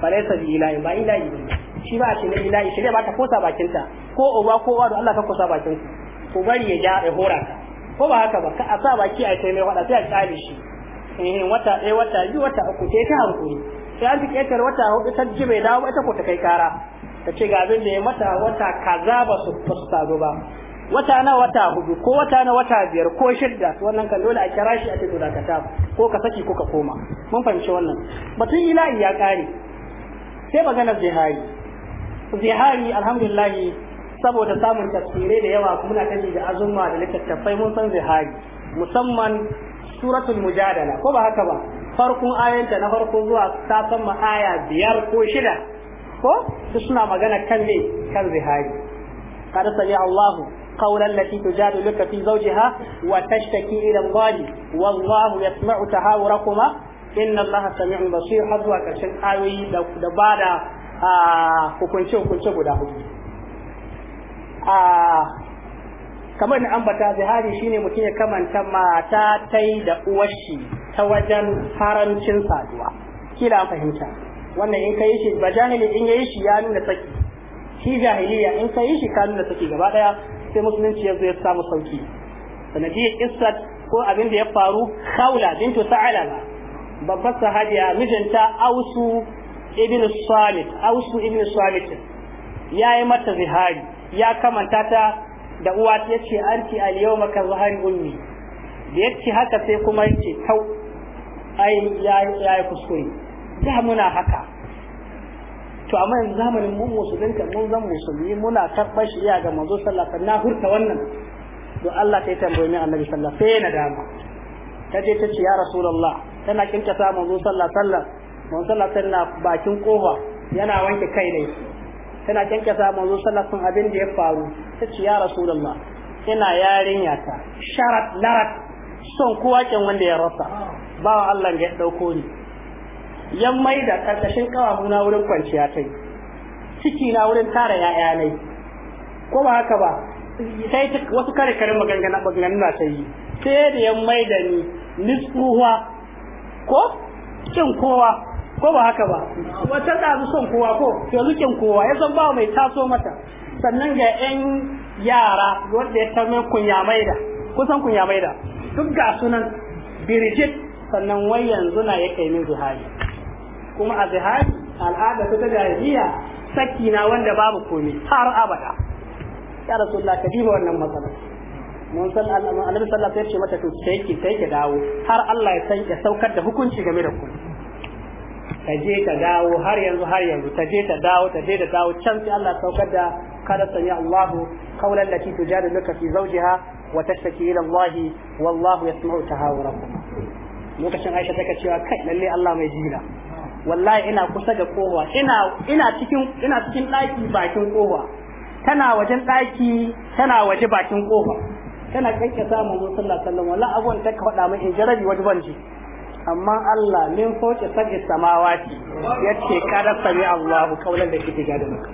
falaisa sa ilahi ba ilahi shi ba shi ne ilahi shi ne ba ta kosa bakinta ko uba ko wado Allah ka kosa bakin ku bari ya ja ya hora ka ko ba haka ba ka a sa baki a kai mai wada sai a tsare shi eh wata ɗaya wata biyu wata uku sai ta hankuri sai an tike tar wata hudu ta ji bai dawo ita ko ta kai kara ta ce ga abin da ya mata wata kaza ba su ba su ba wata na wata hudu ko wata na wata biyar ko shidda to wannan kan dole a kira shi a cikin dakata ko ka saki ko ka koma mun fahimci wannan batun ilahi ya kare sai magana zihari zihari alhamdulillah saboda samun tafsirai da yawa muna kaji da azumma da littattafai mun san zihari musamman suratul mujadala ko ba haka ba farkon ayanta na farko zuwa ta sama aya biyar ko shida ko su suna magana kan ne kan zihari kada sami Allahu قولا التي تجادلك في زوجها وتشتكي إلى الله والله يسمع تهاوركما إن الله سميع بصير حظوا كرشن آوي دبادا hukunce hukunce guda hudu kamar na ambata zihari shine mutum ya kamanta mata tai da uwarshi ta wajen farancin saduwa kila fahimta wannan in ka yi shi ba jahili in ya yi shi ya nuna saki shi jahiliya in ka yi shi ka nuna saki gaba daya sai musulunci ya zo ya samu sauki sanadiyar kissa ko abin da ya faru kaula bintu sa'alaba babbar sahabiya mijinta ausu ibn salih ausu ibn ya yayi mata zihari ya kamanta ta da uwa yace anti al-yawma ka zahari ummi da yace haka sai kuma yace kau ai yayi kuskure da muna haka to amma yanzu zamanin mun musulunta mun zan musulmi muna karɓar shari'a ga manzo sallallahu alaihi wasallam na hurta wannan don Allah ta yi tambayoyi annabi sallallahu alaihi wasallam sai na dama ta je ta ce ya rasulullah tana kinta ta manzo sallallahu alaihi wasallam manzo sallallahu alaihi wasallam bakin kofa yana wanke kai ne tana kinta ta manzo sallallahu alaihi wasallam abin da ya faru ta ce ya rasulullah ina yarinya ta sharat larat son kin wanda ya rasa bawa Allah ya dauko ni yan mai da karkashin kawahu na wurin kwanciya ta ciki na wurin tara yaya ne ko ba haka ba sai wasu kare kare maganganu maganganu na ta yi sai da yan mai da ni nisuwa ko kin kowa ko ba haka ba wata da son kowa ko yanzu kin kowa ya san ba mai taso mata sannan ga yan yara wanda ya tame kunya maida kusan kunya maida duk ga sunan Birgit sannan wai yanzu na ya kai min zuhari kuma a zihari al'ada ta jahiliya saki na wanda babu komai har abada ya rasulullah ka diba wannan matsala mun san annabi sallallahu alaihi wasallam mata to sai ki sai ki dawo har Allah ya san ya saukar da hukunci game da ku Ta je ta dawo har yanzu har yanzu ta je ta dawo ta je ta dawo can sai Allah saukar da kada sami Allah qawlan lati tujadiluka fi zawjiha wa tashtaki ila Allah wallahu yasma'u tahawurakum lokacin Aisha take cewa kai lalle Allah mai jira wallahi ina kusa da kowa ina ina cikin ina cikin daki bakin kowa tana wajen daki tana waje bakin kowa tana kanka samun mu sallallahu alaihi wasallam wallahi abun ta faɗa min in jarabi waje banji amma Allah min fauke sab'i samawati yace kada sami Allahu kaulan da kike gada maka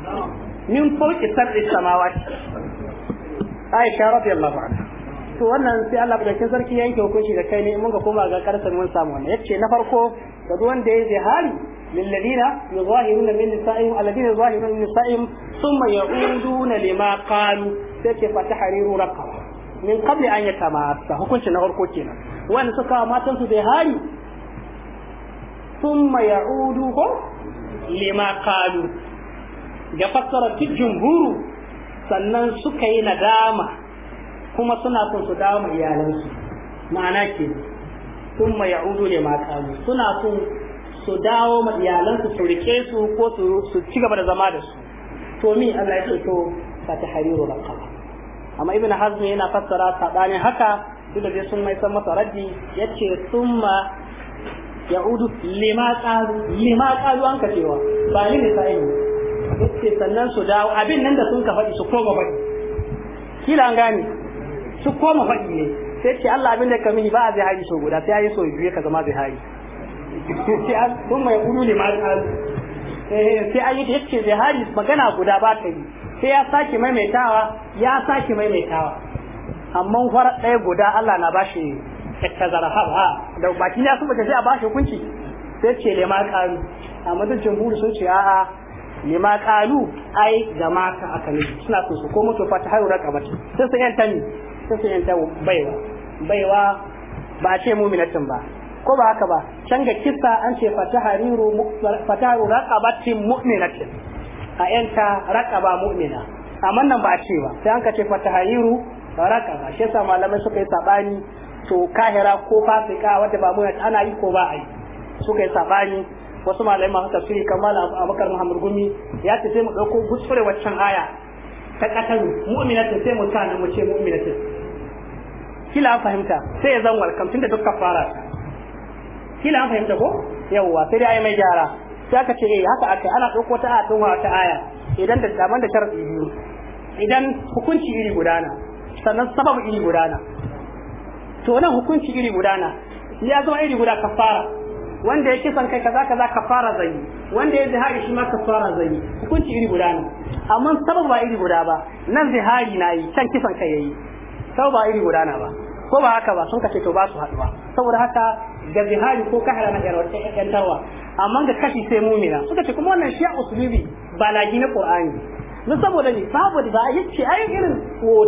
min fauke sab'i samawati Aisha radiyallahu anha to wannan sai Allah da sarki yanke hukunci da kai ne mun ga koma ga karsan mun samu wannan yace na farko ga duk wanda yayi zihari lil ladina yuzahiruna min nisa'ihim alladina yuzahiruna min nisa'ihim thumma ya'uduna lima qalu sai ke fatahriru raqaba min qabli an yatamassa hukunci na farko kenan wanda suka matan su zihari thumma ya'udu ko lima qalu ga fassara jumhuru sannan suka yi nadama kuma suna son su dawo ma iyalansu ma'ana kenan sun ya'udu ne makamu suna kun su dawo ma iyalansu su rike su ko su ci gaba da zama da su to mi Allah ya ce to fa hariru raqaba amma ibn hazm yana fassara tsakanin haka duk da sun mai san masa raddi yace summa ya'udu lima qalu lima qalu an ka cewa ba ni ne sai yace sannan su dawo abin nan da sun ka faɗi su koma faɗi kila an gane su koma faɗi ne sai ce Allah abin da ka mini ba a zihari so guda sai yayi so biyu ka zama zihari sai an mai gudu ne ma eh, sai an yi da yace zihari magana guda ba ta yi sai ya sake maimaitawa ya sake maimaitawa amma fara ɗaya guda Allah na bashi tazara ha ba da baki ya su baka sai a bashi hukunci sai ce lema kalu amma duk jumhur sun ce a'a lema kalu ai da mata aka ne suna so su ko mutu fata hayu raqabati sai sun yanta ne sai sun yanta baiwa baiwa ba a ce muminatin ba ko ba haka ba can ga kisa an ce fatahariru fataharu raqabatin mu'minatin a yanka raqaba mu'mina amma nan ba a ce ba sai an ka ce fatahariru raqaba shi yasa malamai suka yi sabani to kahira ko fasika wanda ba mu'min ana yi ko ba a yi suka yi sabani wasu malamai masu tafsiri kamar Abubakar Muhammad Gumi ya ce sai mu dauko gutsure waccan aya ta katan mu'minatin sai mu ta mu ce mu'minatin kila an fahimta sai ya zan welcome tunda duk kafara kila an fahimta ko yawwa sai dai ai mai gyara sai aka ce eh haka akai ana dauko ta ayatun wa ta aya idan da daman da sharadi biyu idan hukunci iri gudana sannan sababu iri gudana to nan hukunci iri gudana ya zama iri guda kafara wanda ya kisan kai kaza kaza kafara zai wanda ya zihari shi ma kafara zai hukunci iri guda ne amma sababu ba iri guda ba nan zihari na yi can kisan kai yayi sababu ba iri guda na ba ko ba haka ba sun kace to ba su haduwa saboda haka ga jihadi ko kahara na yar ta yan tarwa amma ga kashi sai mumina suka ce kuma wannan shi'a usulubi ba lagi na qur'ani na saboda ni saboda ba yace ai irin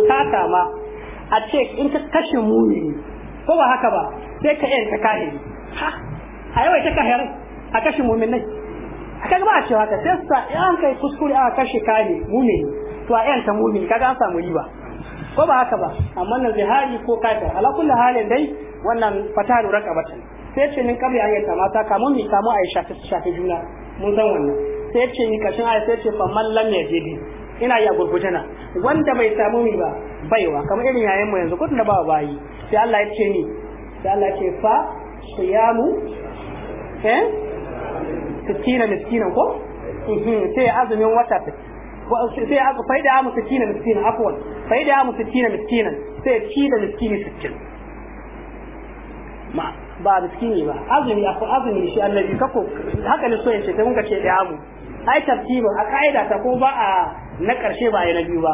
ta ma a ce in ka kashe mumini ko ba haka ba sai ka yan ta ha a yawai ta kahiri a kashe muminai kaga ba a cewa ka sai sa an kai kuskure a kashe kahiri mumini to a yanta mumini kaga an samu riba ko ba haka ba amma nan zihari ko kafir ala kulli halin dai wannan ka bata, sai ce min kabi ayyata mata kamun mi kamu Aisha ta shafe juna mun san wannan sai ce ni kashin ayi sai ce famman lam jidi ina ya gurgutana wanda bai samu mi ba baiwa kamar irin yayin mu yanzu ko da ba bayi sai Allah ya ce ni sai Allah ce fa siyamu eh sittina miskinan ko mhm. sai azumin wata sai aka fa da amu 60 miskina afwan fa da amu 60 miskina sai ci da miskini 60 ma ba miskini ba azumi afu azumi shi annabi kako haka ne so yace sai mun ka ce da amu ai tartibin a kaida ta ko ba a na karshe ba ai na biyu ba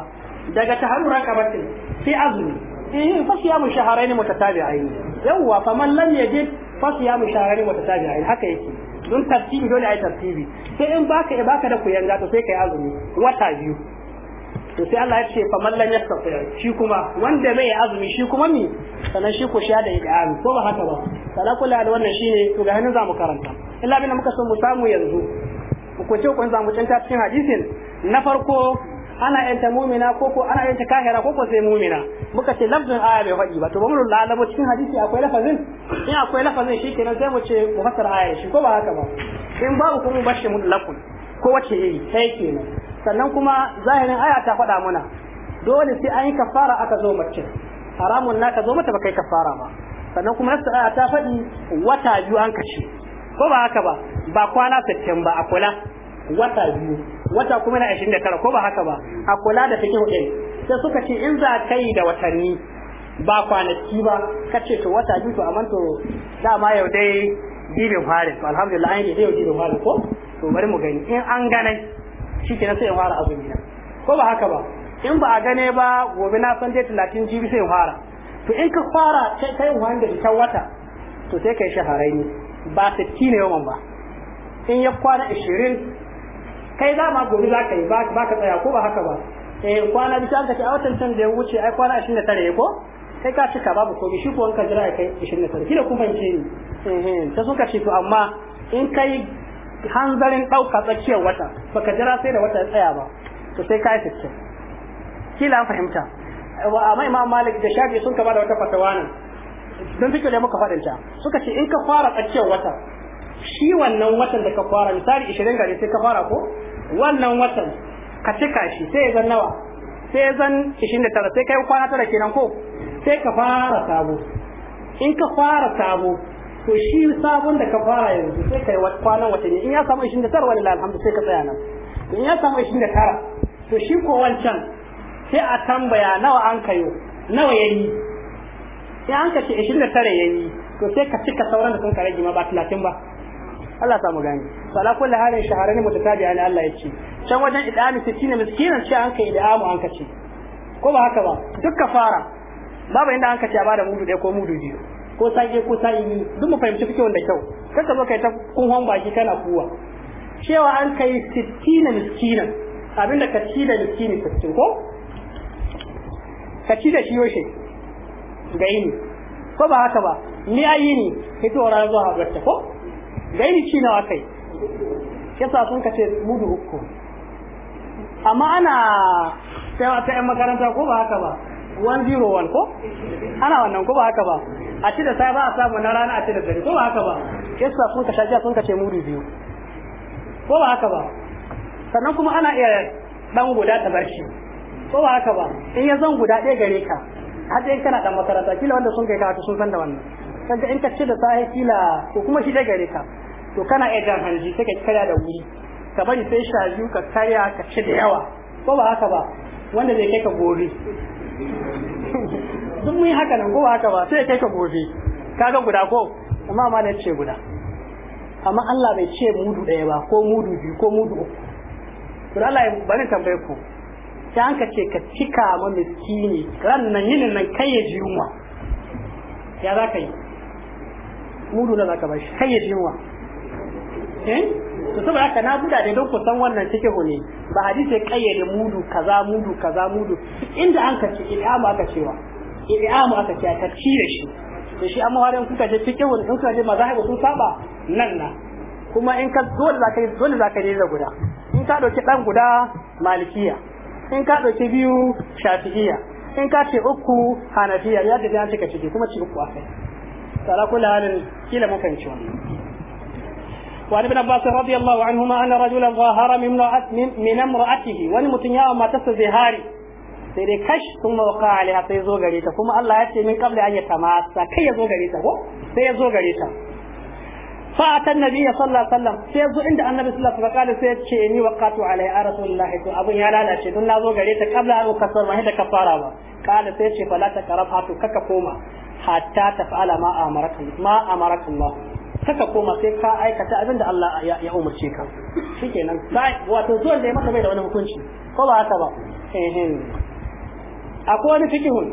daga taharrura kabatin sai azumi eh fa siyamu shahrayn mutatabi'ain yawwa faman lam yajid fa siyamu shahrayn mutatabi'ain haka yake don tartibi dole ai tartibi sai in baka ya baka da kuyanga to sai kai azumi wata biyu to sai Allah ya ce fa man lam yastati shi kuma wanda bai azumi shi kuma mi sanan shi ko sha da idami ko ba haka ba sanan kula da wannan shine to ga hannun zamu karanta illa bin muka so mu samu yanzu ku ce kun zamu canta cikin hadisin na farko ana yanta mumina ko ko ana yanta kahira ko ko sai mumina muka ce lafzin aya bai faɗi ba to ba mu ba cikin hadisi akwai lafazin in akwai lafazin shikenan sai mu ce mu fassara aya shi ko ba haka ba in babu kuma bashi mu lafun? ko wace yayi sai kenan sannan kuma zahirin aya ta faɗa mana dole sai an yi kafara aka zo mace haramun na ka zo mata ba kai kafara ba sannan kuma nasu aya ta faɗi wata biyu an kashe ko ba haka ba ba kwana sittin a kula wata biyu wata kuma na 29 ko ba haka ba a kula da fiqh din sai suka ce in za kai da watanni ba kwanaki ba ka ce to wata biyu to amma to dama yau dai dibin fare to alhamdulillah an yi yau dibin fare ko to bari mu gani in an gane shikenan sai in fara azumi na ko ba haka ba in ba a gane ba gobe na san dai 30 jibi sai in fara to in ka fara kai kai wanda ta wata to sai kai shaharai ne ba 60 ne yawan ba in ya kwana 20 kai za ma gobe za ka yi ba ka tsaya ko ba haka ba eh kwana bisa an ka ce a watan can da ya wuce ai kwana 29 ko kai ka cika babu komai shi kuwa ka jira kai 29 kila kun fahimce ni eh ta sun ka ce to amma in kai hanzarin ɗauka tsakiyar wata baka jira sai da wata ya tsaya ba to sai ka yi fiske kila an fahimta amma imam malik da shafi sun ka ba da wata fatawa nan don fito da muka faɗin ta suka ce in ka fara tsakiyar wata shi wannan watan da ka fara misali 20 gari sai ka fara ko wannan watan ka cika shi sai zan nawa sai zan 29 sai kai kwana tara kenan ko sai ka fara sabo in ka fara sabo to shi sabon da ka fara yanzu sai kai kwanan watanni in ya samu 29 wallahi alhamdu sai ka tsaya nan in ya samu 29 to shi ko wancan sai a tambaya nawa an kayo nawa yayi sai an ka ce 29 yayi to sai ka cika sauran da sun ka rage ma ba 30 ba Allah ta mu gani to ala kullu halin shaharani mutatabi'an Allah yace can wajen idami 60 miskinan ce an kai idamu an kace ko ba haka ba duk kafara babu inda an kace a bada mudu ɗaya ko mudu biyu ko sai ko sa'i duk mu fahimci fike wanda kyau kar ka zo kai ta kunhon baki kana kuwa cewa an kai 60 miskinan abinda ka ci da miskini 60 ko ka ci da shi yoshe ga yini ko ba haka ba ni ayi ni fito ranar zuwa haɗuwarta ko gairi ci nawa kai yasa sun kace mudu uku amma ana sai ta yan makaranta ko ba haka ba 101 ko ana wannan ko ba haka ba a ci da sai ba a samu na rana a ci da dare ko ba haka ba yasa sun kace jiya sun kace mudu biyu ko ba haka ba sannan kuma ana iya dan guda ta barci ko ba haka ba in ya zan guda ɗaya gare ka har in kana dan makaranta kila wanda sun kai ka sun san da wannan kaga in ka ci da sai kila ko kuma shi ɗaya gare ka to kana iya jan hanji sai ka karya da wuri ka bari sai sha biyu ka karya ka ci da yawa ko ba haka ba wanda zai kai ka gobe <laughs> duk mun yi haka nan ko ba haka ba sai kai ka gobe kaga guda ko amma ma ce guda amma Allah bai ce mudu daya ba ko mudu biyu ko mudu uku to Allah bari tambaye ku sai an ka ce ka cika ma miskini ran nan yin nan kai ya ji yunwa ya za ka yi mudu na za ka bashi kai ya ji yunwa eh to saboda haka na buda da don ku san wannan take ne ba hadisi kayyade mudu kaza mudu kaza mudu inda an ka ci ilhamu aka cewa ilhamu aka ce ta cire shi to shi amma wadan kuka je cikin wani in kuka je mazahibu sun saba nan na kuma in ka dole yi dole ka yi da guda in ka dauki dan guda malikiya in ka dauki biyu shafi'iyya in ka ce uku hanafiya ya da ya cika ciki kuma ci uku akai sala kullu halin kila mun ci wannan وعن ابن عباس رضي الله عنهما أن رجلا ظاهر من, من امرأته ونمتن يوم ما تستزهاري sai dai kash sun mawaka alaiha sai zo gare ta kuma Allah ya ce min kabla an ya tamasa kai ya zo gare ta ko sai ya zo gare ta fa atan nabiyyi sallallahu alaihi wasallam sai zo inda annabi sallallahu alaihi wasallam sai ya ce ni waqatu rasulullahi to abun ya lalace dun na zo gare ta kabla an kasar ma hita kafara ba kala sai ce fala ta karafa to kaka koma hatta ma ma Allah saka koma sai ka aikata abin da Allah ya umarce ka shikenan wato zuwan da ya maka bai da wani hukunci ko ba haka ba akwai wani fikihun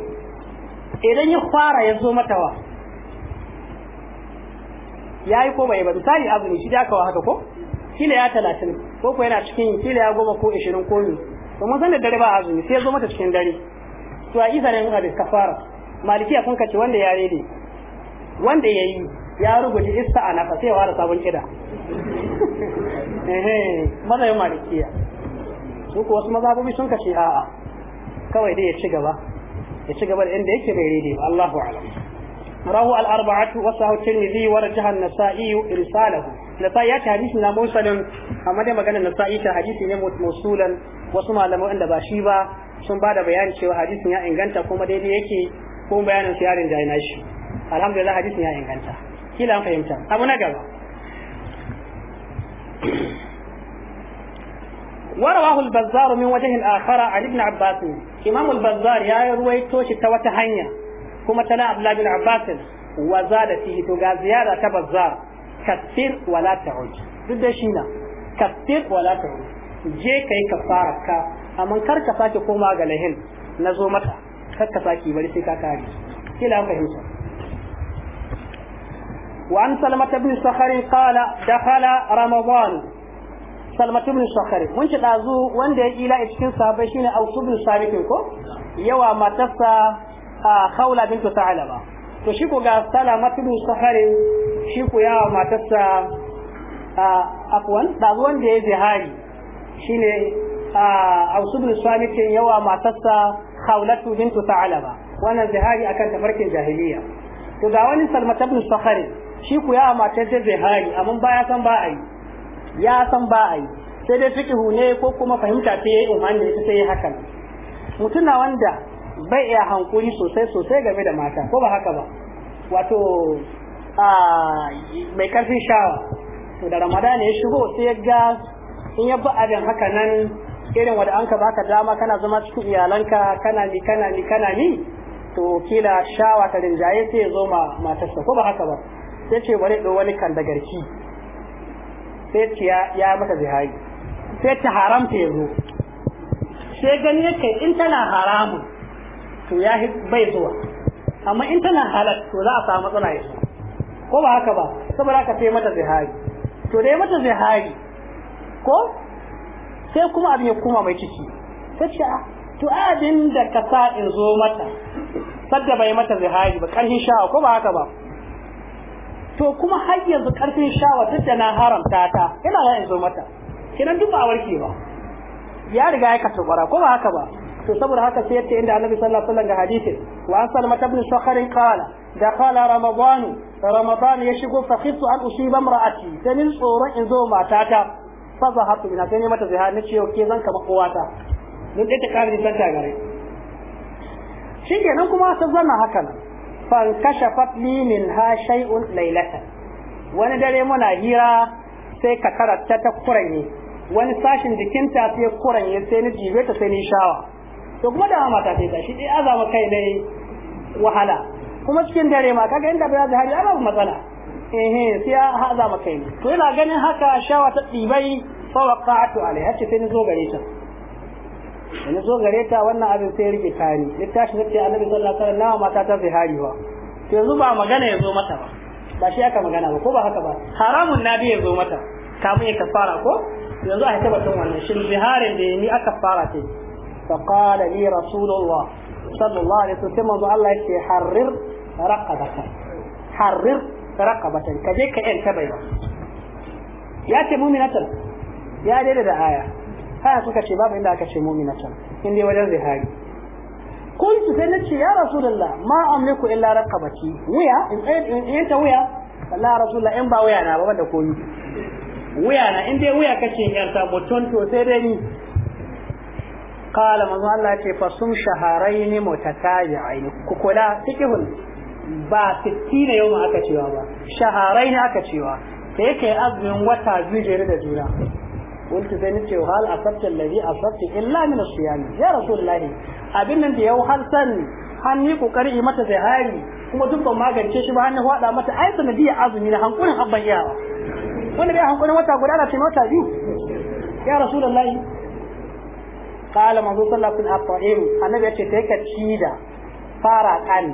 idan ya fara ya zo mata wa ya yi ko bai ba misali azumi shi da kawa haka ko kila ya talatin ko ko yana cikin kila ya goma ko ishirin ko ni to mun san da dare ba azumi sai ya zo mata cikin dare to a isa ne muka da kafara malikiya sun kace wanda ya rede wanda ya yi ya rubuta ista a nafa sai da sabon kida maza yin malikiya su ko wasu maza mazhabobi sun kashe a'a kawai dai ya ci gaba ya ci gaba da inda yake bai rede ba Allahu a'lam rahu al-arba'atu wa sahu tirmidhi wa rajaha an-nasa'i irsalahu nasa'i ya ta hadisi na musalin amma dai maganar nasa'i ta hadisi ne musulan wasu malamai inda ba shi ba sun bada da bayani cewa hadisin ya inganta kuma daidai yake ko bayanin siyarin da ya nashi alhamdulillah hadisin ya inganta kila an fahimta abu na gaba ورواه البزار من وجه آخر عن ابن عباس إمام البزار يا روي توشي توتا هنيا كما تلا عبد الله بن عباس وزاد فيه توغا زيادة بزار كثير ولا تعج ضد شينا كثير ولا تعج je kai kafara ka amma kar ka sake koma ga lahin na zo mata kar ka sake bari sai ka kare kila an fahimta وعن سلمة بن صخر قال دخل رمضان سلمة بن صخر mun shi dazu wanda ya kila cikin sahabbai shine Ausu bin Sabit ko yawa matarsa a Khawla bint Sa'laba to shi ko ga Salama bin Sahar shi ko yawa matarsa a afwan dazu wanda ya jihari shine a Ausu bin Sabit yawa matarsa Khawla bint Sa'laba wannan jihari akan tafarkin jahiliya to ga wani Salma bin Sahar shi ku ya amata sai zai hari amma ba ya san ba a yi ya san ba a yi sai dai fiqhu ne ko kuma fahimta ce yayi umarni ita sai hakan mutum na wanda bai iya hankuri sosai sosai game da mata ko ba haka ba wato a mai karfin shawa to da ramadana ya shigo sai ya ga in ya ba abin haka nan irin wanda an ka baka dama kana zama cikin iyalanka kana ni kana ni kana ni to kila shawa ta rinjaye sai ya zo ma matarsa ko ba haka ba sai ce bari ɗo wani kan da garki sai ce ya mata zihari sai ta haramta ya zo sai gani yake in tana haramun to ya bai zuwa amma in tana halal to za a samu matsala ya ko ba haka ba saboda haka sai mata zihari to dai mata zihari ko sai kuma abin ya koma mai ciki Sai ce ah, to adin da ka sa in zo mata sadda bai mata zihari ba karhin sha'a ko ba haka ba to kuma har yanzu karfin shawa duk da na haramta ta ina da yanzu mata kinan duk ba warke ba ya riga ya kace kwara ko ba haka ba to saboda haka sai yace inda annabi sallallahu alaihi wasallam ga hadisi wa salama ibn shakhar qala da qala ramadan ramadan ya shigo fa khiftu an usiba imraati sai min tsoron in zo matata fa zahatu ina sai mata zihar ni ce ke zan kama ta mun dai ta kare san ta gare shi kenan kuma ta zanna haka nan fankashafat li min ha shay'un lailata wani dare muna hira sai ka karatta ta kuranye wani sashin ta sai kuranye sai ni jibe ta sai ni shawa to kuma da ta sai ta shi dai azama kai ne wahala kuma cikin dare ma kaga inda bai zahari ana matsala eh sai ha azama kai ne to ina ganin haka shawa ta dibai fa waqa'tu alaiha ce sai ni zo gare ta da na zo gare ta wannan abin sai rike kani littashi ne ce annabi sallallahu alaihi wasallam nawa mata ta zihari wa to yanzu ba magana ya zo mata ba ba shi aka magana ba ko ba haka ba haramun nabi ya zo mata kamun ya kafara ko yanzu a tabbatar wannan shin ziharin da ni aka fara ce fa qala li rasulullah sallallahu alaihi wasallam manzo Allah yake harrir raqabatan harrir raqabatan kaje ka yan tabai ya ce mu'minatan ya daidai da aya haya suka ce babu inda aka ce mu'minatan in dai wajen zai zihari kuntu sai nace ya rasulullah ma amliku illa raqabati wuya in in ta wuya Allah rasulullah in ba wuya na ba banda koyi wuya na in dai wuya kace in ta boton to sai dai ni qala manzo Allah ce fa sum shaharayn mutatabi'ain ku kula tikihun ba 60 yau ma aka cewa ba shaharayn aka cewa sai kai azumin wata biyu jere da juna قلت زين تشو هل أصبت الذي أصبت إلا من الصيام يا رسول الله أبن أنت يو هل سن هني كوكري متى زهاري kuma duk ban magance shi ba hannu faɗa mata ai sanadiyar azumi na hankulin abban yawa wanda bai hankulin wata guda na cikin biyu ya rasulullahi qala manzo sallallahu alaihi wasallam annabi ya ce kai ka cida fara kan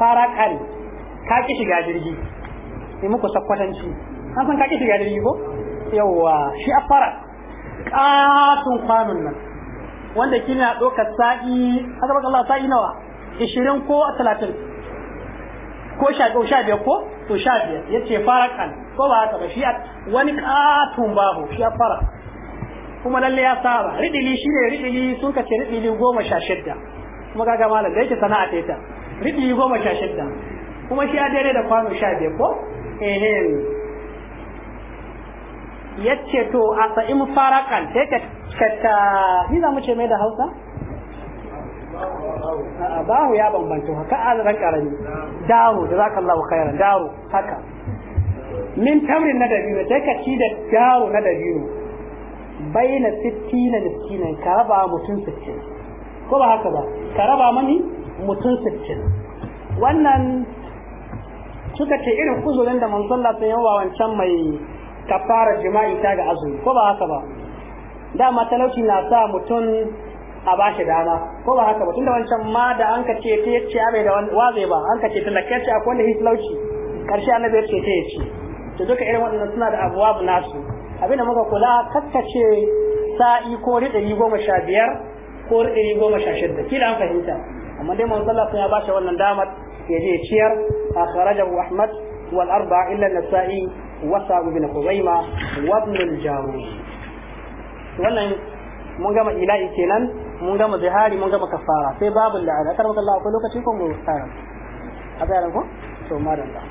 fara kan ka ki shiga jirgi sai muku sakwatanci an ka ki shiga ko yawa shi a fara ƙaton kwanon nan wanda kini na ɗaukar sa'i a baka Allah sa'i nawa ishirin ko talatin ko sha ko sha biyar ko to sha biyar ya ce fara kan ko ba haka ba shi a wani ƙaton babu shi a fara kuma lalle ya saba riɗili shi ne riɗili sun kace riɗili goma sha shidda kuma ga malam da yake sana'a ta ita riɗili goma sha shidda kuma shi ya daidai da kwano sha biyar ko ehem yace to a sa'im farakan sai ka ta ni za mu ce mai da Hausa bahu ya bambanta haka azran karami daro jazakallahu khairan daro haka min tamrin na ne sai ka ci da daro na dabino baina 60 da 60 ka raba mutum 60 ko ba haka ba ka raba mani mutum 60 wannan suka ce irin uzurin da manzon Allah sai yawa wancan mai kafara jima'i ta ga azumi ko ba haka ba dama talauci na sa mutum a ba shi dama ko ba haka ba tunda wancan ma da an ka ce ta yace da waze ba an ka ce talakaci akwai wanda his lauci karshe annabi ya ce ta yace to duka irin waɗannan suna da abuwa nasu abinda muka kula kakkace sa'i ko ɗari goma sha biyar ko ɗari goma sha shidda kila an fahimta amma dai manzo Allah ya ba shi wannan damar ya je ciyar akhrajahu ahmad wal arba illa an-nasa'i وصعب بن خزيمة وابن الجاروي wannan mun gama ila'i kenan mun gama zihari mun gama kafara sai babu la'ana kar maka Allah akwai lokaci ko mu tsara a tsara ko to madan da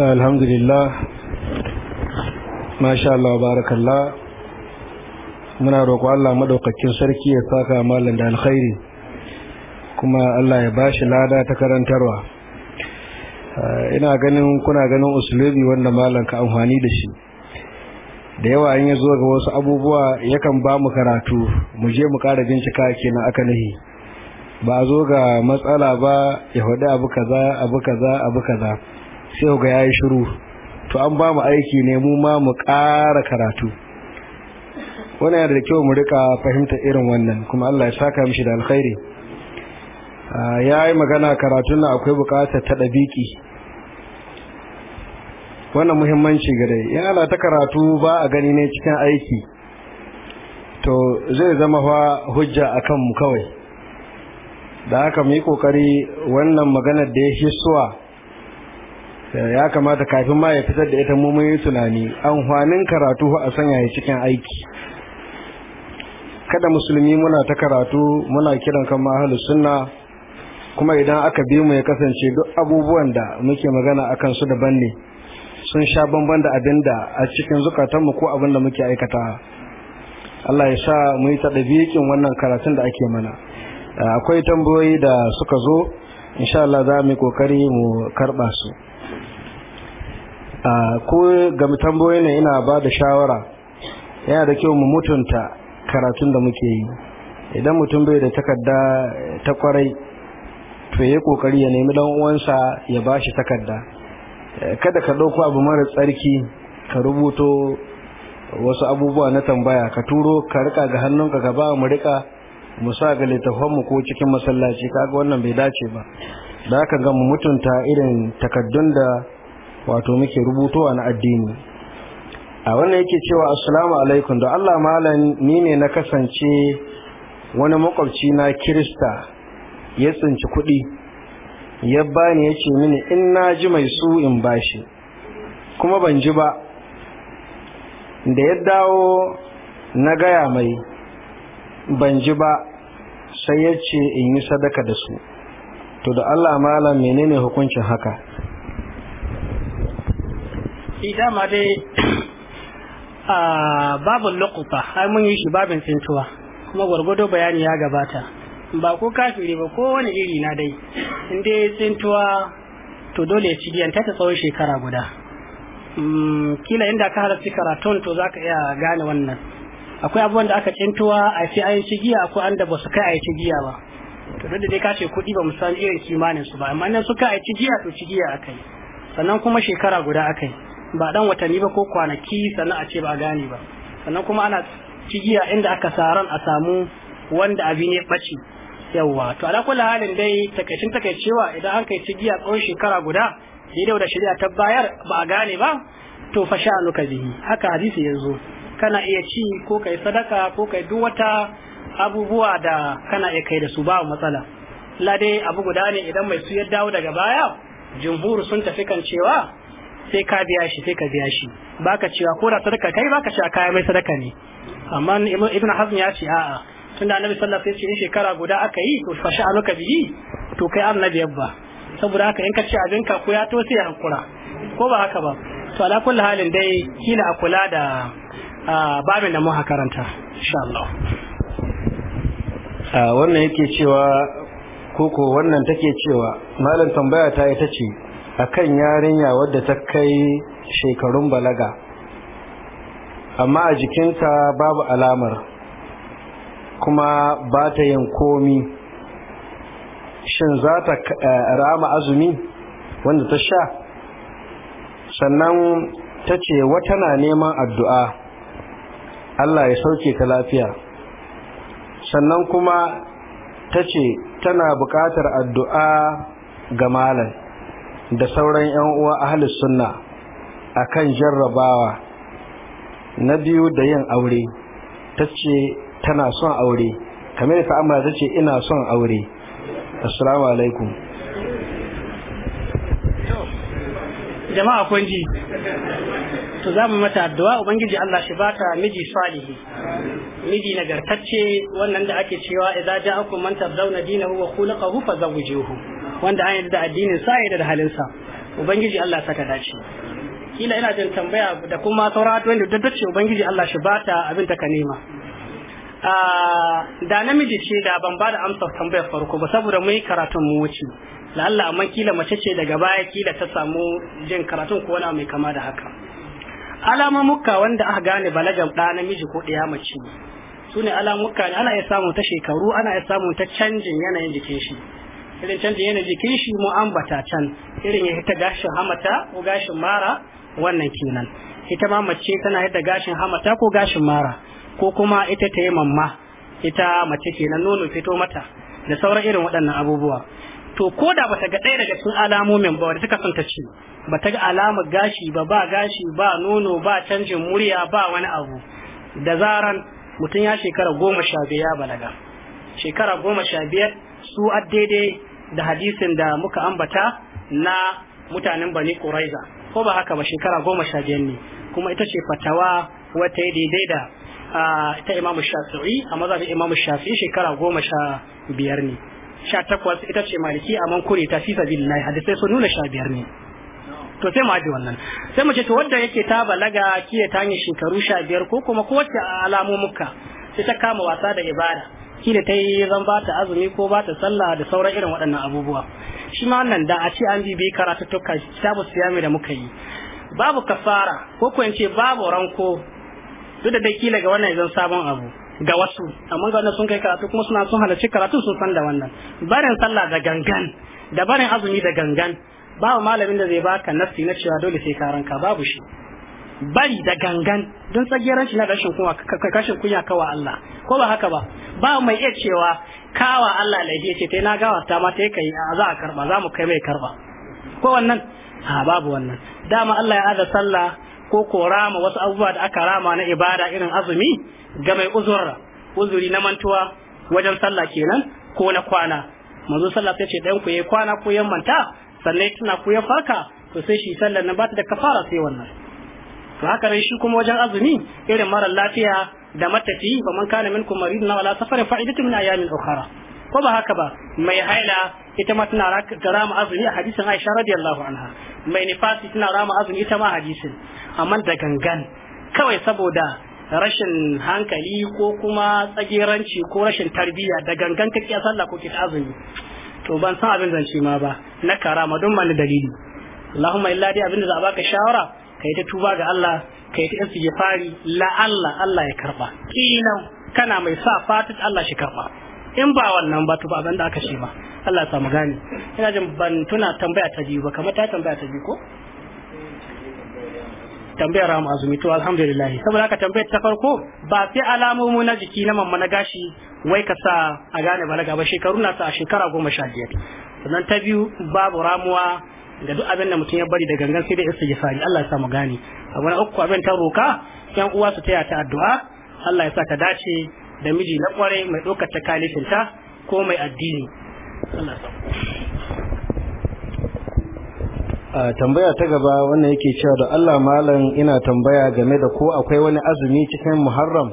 الحمد لله masha Allah Barakalla muna roƙo Allah madaukakin sarki ya saka malam da alkhairi kuma Allah ya bashi lada ta karantarwa eh, ina ganin kuna ganin usulubi wanda malam ka amfani da shi da yawa an ya zo ga wasu abubuwa yakan ba mu karatu mu je mu ƙara bincika kenan aka nahi ba a zo ga matsala ba ya faɗi abu kaza abu kaza abu kaza sai ga yayi shiru to an ba mu aiki ne mu ma mu ƙara karatu wani yana da kyau mu rika fahimta irin wannan kuma Allah ya saka mishi da alkhairi ah, ya yi magana karatun na akwai bukatar ta ɗabiƙi wannan muhimmanci gare in ana ta karatu ba a gani ne cikin aiki to zai zama fa hujja a kanmu kawai da haka mu yi ƙoƙari wannan maganar da ya suwa Eh, ya kamata kafin ma ya fitar da ita mummunin tunani an amfanin karatu a sanya ya cikin aiki kada musulmi muna ta karatu muna kiran kan mahalu sunna kuma idan aka bi mu ya kasance duk abubuwan da muke magana akan su daban ne sun sha bamban da abin da a cikin zukatanmu ko abin da muke aikata Allah ya sa mu yi biyakin wannan karatun da ake mana eh, akwai tambayoyi da suka zo insha Allah za mu yi kokari mu karɓa su ko ga tambayoyin nan ina ba da shawara yana da kyau mu mutunta karatun da muke yi idan mutum bai da takarda eh, ta kwarai to ya kokari ya nemi dan uwansa ya bashi takarda eh, kada ka dauko abu mara tsarki ka rubuto wasu abubuwa na tambaya ka turo ka rika ga hannunka ka ba mu rika mu sa ga littafan mu ko cikin masallaci kaga wannan bai dace ba da haka ga mu mutunta irin takaddun da wato muke rubutowa na addini a wannan yake cewa assalamu alaikum da Allah malam ni ne na kasance wani makwabci na kirista ya tsinci kuɗi ya bani ya ce mini in na ji mai su in bashi kuma ban ji ba da ya dawo na gaya mai ban ji ba sai ya ce in yi sadaka da su to da Allah malam menene hukuncin haka ita dama dai a babin lokuta ai mun yi shi babin tsintuwa kuma gwargwado bayani ya gabata ba ko kafiri ba ko wani iri na dai in dai tsintuwa to dole ya ci ta ta tsawon shekara guda mm, kila inda ka halarci karatun to za ka iya gane wannan akwai abubuwan da aka tsintuwa a fi ayin ci giya ko an da ba su kai a ci giya ba to dole da dai ka ce kuɗi ba mu san irin kimanin su ba amma nan suka a ci giya to ci giya akai sannan kuma shekara guda akai ba dan watanni ba ko kwanaki sannan a ce ba gane ba sannan kuma ana cigiya inda aka saran a samu wanda abin ya ɓace yawa. to ala kullu halin dai takaicin takaicewa idan an kai cigiya tsawon shekara guda daidai da shari'a ta bayar ba a gane ba to fa sha'anu bihi haka hadisi yanzu kana iya ci ko kai sadaka ko kai duk wata abubuwa da kana iya kai da su ba matsala la dai abu guda ne idan mai su ya dawo daga baya jumhur sun tafi kan cewa sai ka biya shi sai ka biya shi baka cewa ko da sadaka kai baka cewa kaya mai sadaka ne amma ibn hazm ya ce a'a tunda annabi sallallahu alaihi wasallam ya ce shekara guda aka yi to fashi anuka biyi to kai annabi yabba saboda haka in ka ci abin ka ko ya to sai hakura ko ba haka ba to ala kulli halin dai kila a kula da babin da mu karanta insha Allah wannan yake cewa koko wannan take cewa malam tambaya ta ita ce a akan yarinya wadda ta kai shekarun balaga amma a jikinta babu alamar kuma ba ta yin komi shin za ta eh, rama azumi wanda ta sha sannan ta ce wata na neman addu'a Allah ya sauke ta lafiya sannan kuma ta ce tana buƙatar addu'a ga malam da sauran 'yan uwa ahlus sunna akan jarrabawa na biyu da yin aure ta ce tana son aure kamar ta amma ta ce ina son aure assalamu alaikum jama'a kun ji to zamu mata addu'a ubangiji Allah shi bata miji salihi miji nagartacce wannan da ake cewa idza ja'akum man tardawna dinahu wa khulquhu fazawwijuhu wanda an yarda da addinin sa ya da halin sa ubangiji Allah saka dace kila ina jin tambaya da kuma saura wanda duk dace ubangiji Allah shi bata abin ta ka nema da namiji ce da ban ba da amsar tambayar farko ba saboda mun yi karatun mu wuce la Allah amma kila mace ce daga baya kila ta samu jin karatun ko wani mai kama da haka alamomuka wanda aka gane balagan da namiji ko daya mace su ne alamuka ne ana iya samu ta shekaru ana iya samu ta canjin yanayin jikin shi irin canjin yana jikin shi mu ambata can irin ya hita gashin hamata ko gashin mara wannan kenan ita ma mace tana hita gashin hamata ko gashin mara ko kuma ita ta yi mamma ita mace kenan nono fito mata da sauran irin waɗannan abubuwa to ko da bata ga ɗaya daga cikin alamomin ba wanda suka san ta ce bata ga alamar gashi ba ba gashi ba nono ba canjin murya ba wani abu da zaran mutum ya shekara goma sha biyar balaga shekara goma sha biyar su a daidai da hadisin da muka ambata na mutanen bani kuraiza ko ba haka ba shekara goma sha biyar ne kuma ita ce fatawa wata ya daidai da ta imam shafi'i a mazhabin imam shafi'i shekara goma sha biyar ne sha takwas ita ce maliki a mankure ta fi sabi nai hadisai sun nuna sha biyar ne to sai mu ajiye wannan sai mu ce to wanda yake ta balaga kiyata ta shekaru sha biyar ko kuma kowace alamomuka sai ta kama wasa da ibada kila ta yi zan ba ta azumi ko ba ta sallah da sauran irin waɗannan abubuwa shi ma wannan da a ce an bi bibi karatuttuka kitabu siyami da muka yi babu kafara ko ko ce babu ranko duk da dai kila ga wannan zan sabon abu ga wasu amma ga wannan sun kai karatu kuma suna sun halarci karatu sun san da wannan barin sallah da gangan da barin azumi da gangan babu malamin da zai baka nafsi na cewa dole sai ka ranka babu shi bari da gangan don tsagiyar shi na rashin kunya kashin kunya kawa Allah ko ba haka ba ba mai iya cewa kawa Allah laifi ce ta na gawa ta ma ta kai za a karba za mu kai mai karba ko wannan ha babu wannan dama Allah ya ada sallah ko ko rama wasu abubuwa da aka rama na ibada irin azumi ga mai uzur uzuri na mantuwa wajen sallah kenan ko na kwana manzo sallah sai ce dan ku yayi kwana ko yan manta sannan tana ku ya faka to sai shi sallar nan ba ta da kafara sai wannan to haka nan shi kuma wajen azumi irin mara lafiya da matafi ba man kana minkum maridun wala safarin fa'idatu min ayamin ukhra ko ba haka ba mai haila ita ma tana rama azumi a hadisin Aisha radiyallahu anha mai nifasi tana rama azumi ita ma hadisin amma da gangan kawai saboda rashin hankali ko kuma tsageranci ko rashin tarbiyya da gangan ta kiya sallah ko kita azumi to ban san abin zance ma ba na karama don ba dalili Allahumma illa dai abin da za a baka shawara kai ta tuba ga Allah kai ta istighfari la Allah Allah ya karba Kina. kana mai sa fatu Allah shi karba in ba wannan ba tuba abin da aka shi ma Allah ya samu gani ina jin ban tuna tambaya ta biyu ba kamar ta tambaya ta biyu ko tambayar ramu azumi to alhamdulillah saboda haka tambayar ta farko ba sai alamomi na jiki na mamma na gashi wai ka sa a gane balaga ba shekaru na sa a shekara goma sha biyar sannan ta biyu babu ramuwa da duk abin da mutum ya bari da gangan sai da isa ya fari Allah ya sa mu gane abu na uku abin ta roka yan uwa su taya ta addu'a Allah ya sa ta dace da miji na kware mai ɗaukar ta kalifin ta ko mai addini Allah a tambaya ta gaba wannan yake cewa da Allah malam ina tambaya game da ko akwai wani azumi cikin Muharram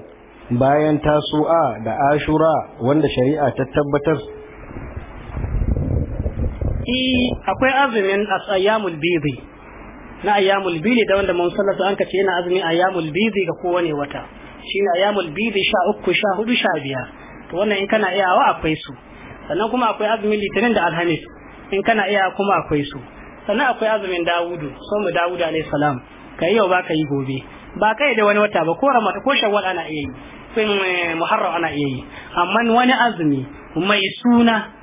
bayan tasu'a da Ashura wanda shari'a ta tabbatar i akwai azumin ayyamul bidi na ayyamul bidi da wanda mun sallatu an kace yana azumin ayyamul bidi ga kowane wata shine ayyamul bidi sha uku sha hudu sha biyar to wannan in kana iyawa akwai su sannan kuma akwai azumin litinin da alhamis in kana iya kuma akwai su sannan akwai azumin dawudu somu dawudu alayhi salam kai yau ba ka yi gobe ba kai da wani wata ba ko ramata ko shawwal ana iya yi fin eh, muharram ana iya yi amma wani azumi mai suna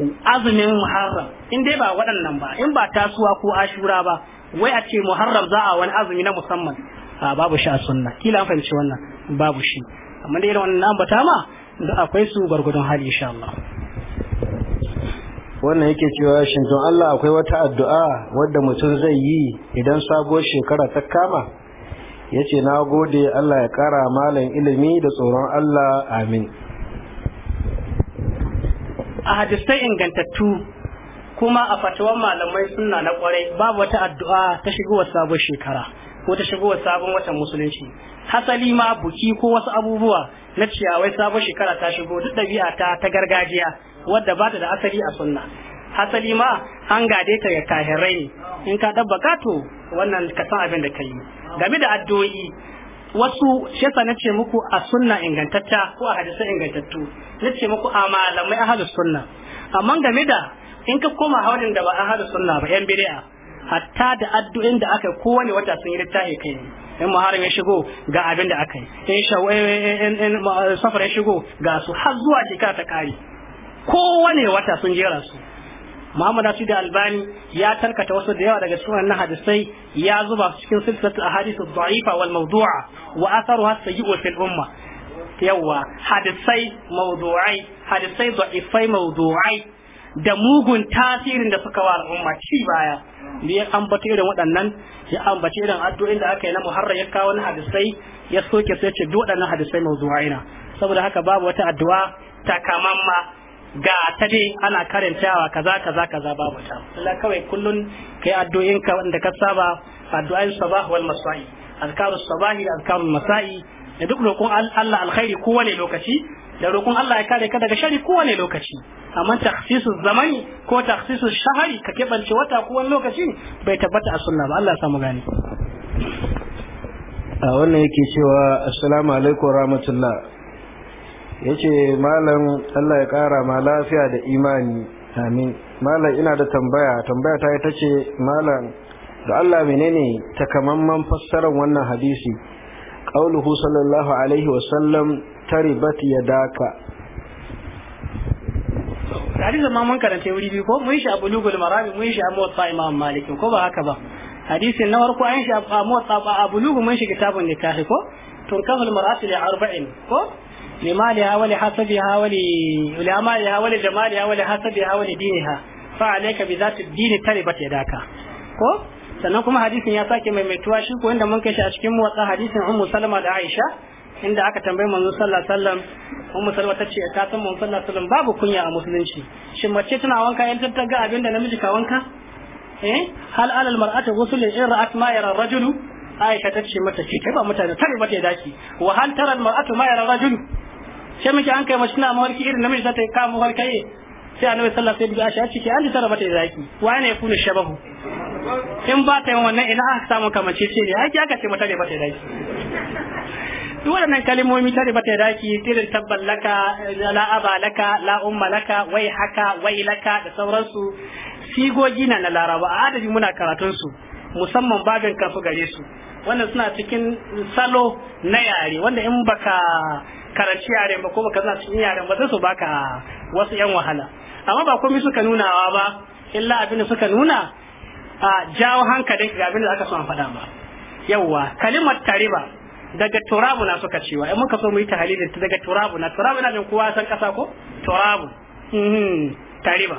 azumin muharram in dai ba waɗannan ba in ba tasuwa ko ashura ba wai a ce muharram za a wani azumi na musamman a babu shi a sunna kila an fahimci wannan babu shi amma dai wannan ambata ma da akwai su gwargwadon hali insha Allah wannan yake cewa shin don Allah akwai wata addu'a wadda mutum zai yi idan sabuwar shekara ta kama yace na gode Allah ya kara malam ilimi da tsoron Allah amin a hadisai ingantattu kuma a fatuwar malamai suna na kwarai babu wata addu'a ta shigowar sabon shekara ko ta shigowar sabon watan musulunci hasali ma buki ko wasu abubuwa na ciyawai sabon shekara ta shigo duk ɗabi'a ta ta gargajiya wadda ba ta da asali a sunna hasali ma an gade ta ga kahirai ne in ka dabba to wannan ka san abin da ka yi game da addu'o'i wasu shesa na ce muku a sunna ingantatta ko a hadisi ingantattu na ce muku a malamai ahlus sunna amma game da in ka koma hawadin da ba ahlus sunna ba yan bidiya hatta da addu'in da aka kowane wata sun yi littafi kai in muharram ya shigo ga abin da aka yi in safar ya shigo ga su har zuwa shekara ta kare kowane wata sun jera su Muhammad Rashid Albani ya tarkata wasu da yawa daga cikin wannan hadisai ya zuba su cikin silsilatul ahadith ad-da'ifa wal mawdu'a wa atharuha sayyi'u fil umma yawa hadisai mawdu'ai hadisai da'ifai mawdu'ai da mugun tasirin da suka wa al'umma ci baya da ya ambaci irin waɗannan ya ambaci irin addu'o'in da aka yi na muharrar ya kawo na hadisai ya soke sai ce duk waɗannan hadisai mawdu'ai na saboda haka babu wata addu'a takamamma ga ta dai ana karantawa kaza kaza kaza babu ta Allah kawai kullun kai addu'in ka wanda ka saba addu'ai sabah wal masai azkaru sabahi azkaru masai da duk roƙon Allah alkhairi kowane lokaci da roƙon Allah ya kare ka daga shari kowane lokaci amma takhsisu zamani ko takhsisu shahari ka kebance wata ko wani lokaci bai tabbata a sunna ba Allah ya samu gani a wannan yake cewa assalamu alaikum rahmatullah yace malam Allah ya kara ma lafiya da imani amin malam ina da tambaya tambaya ta ita ce malam da Allah menene takamamman fassarar wannan hadisi qauluhu sallallahu alaihi wa sallam taribat yadaka hadisi da mun karanta wuri biyu ko mun shi a bulugul marami mun shi a muwatta imam malik ko ba haka ba hadisin na farko an shi a muwatta a bulugu mun shi kitabun nikahi ko tunkahul marati li arba'in ko لمالها ولحسبها ولعمالها ولجمالها ولحسبها ولدينها فعليك بذات الدين تربت يداك ko sannan kuma hadisin ya sake mai maituwa shi ko inda mun kai shi a cikin motsa hadisin Ummu Salama da Aisha inda aka tambayi manzo sallallahu alaihi wasallam Ummu Salama tace ta san manzo sallallahu alaihi wasallam babu kunya a musulunci shin mace tana wanka yan tattaga abinda namiji ka wanka eh hal alal mar'ati ghusl in ra'at ma yara rajulu Aisha tace mata ce kai ba mutane tare mata ya daki wa hal tara al mar'atu ma yara rajulu sai muke an kai mashi na mawarki irin namiji ta kama yi sai annabi sallallahu alaihi wasallam ya ce ki an tsara mata zaki wane ya kuna shabahu in ba ta yin wannan ina aka samu kamace ce ne ai aka ce mata ne bata zaki duk waɗannan kalmomi ta da bata daki da tabbal laka la aba laka la umma laka wai haka wai laka da sauransu sigogi na na laraba a adadi muna karatun su musamman babin kafu gare su wannan suna cikin salo na yare wanda in baka karanci yaren ba ko baka su cikin yaren ba sai su baka wasu yan wahala amma ba komai suka nunawa ba illa abin da suka nuna a jawo hankalin ga abin da aka so an faɗa ba yawwa kalimar tariba daga turabu na suka cewa in muka so mu yi tahalilin ta daga turabu na turabu na jin kowa san kasa ko turabu mhm, tariba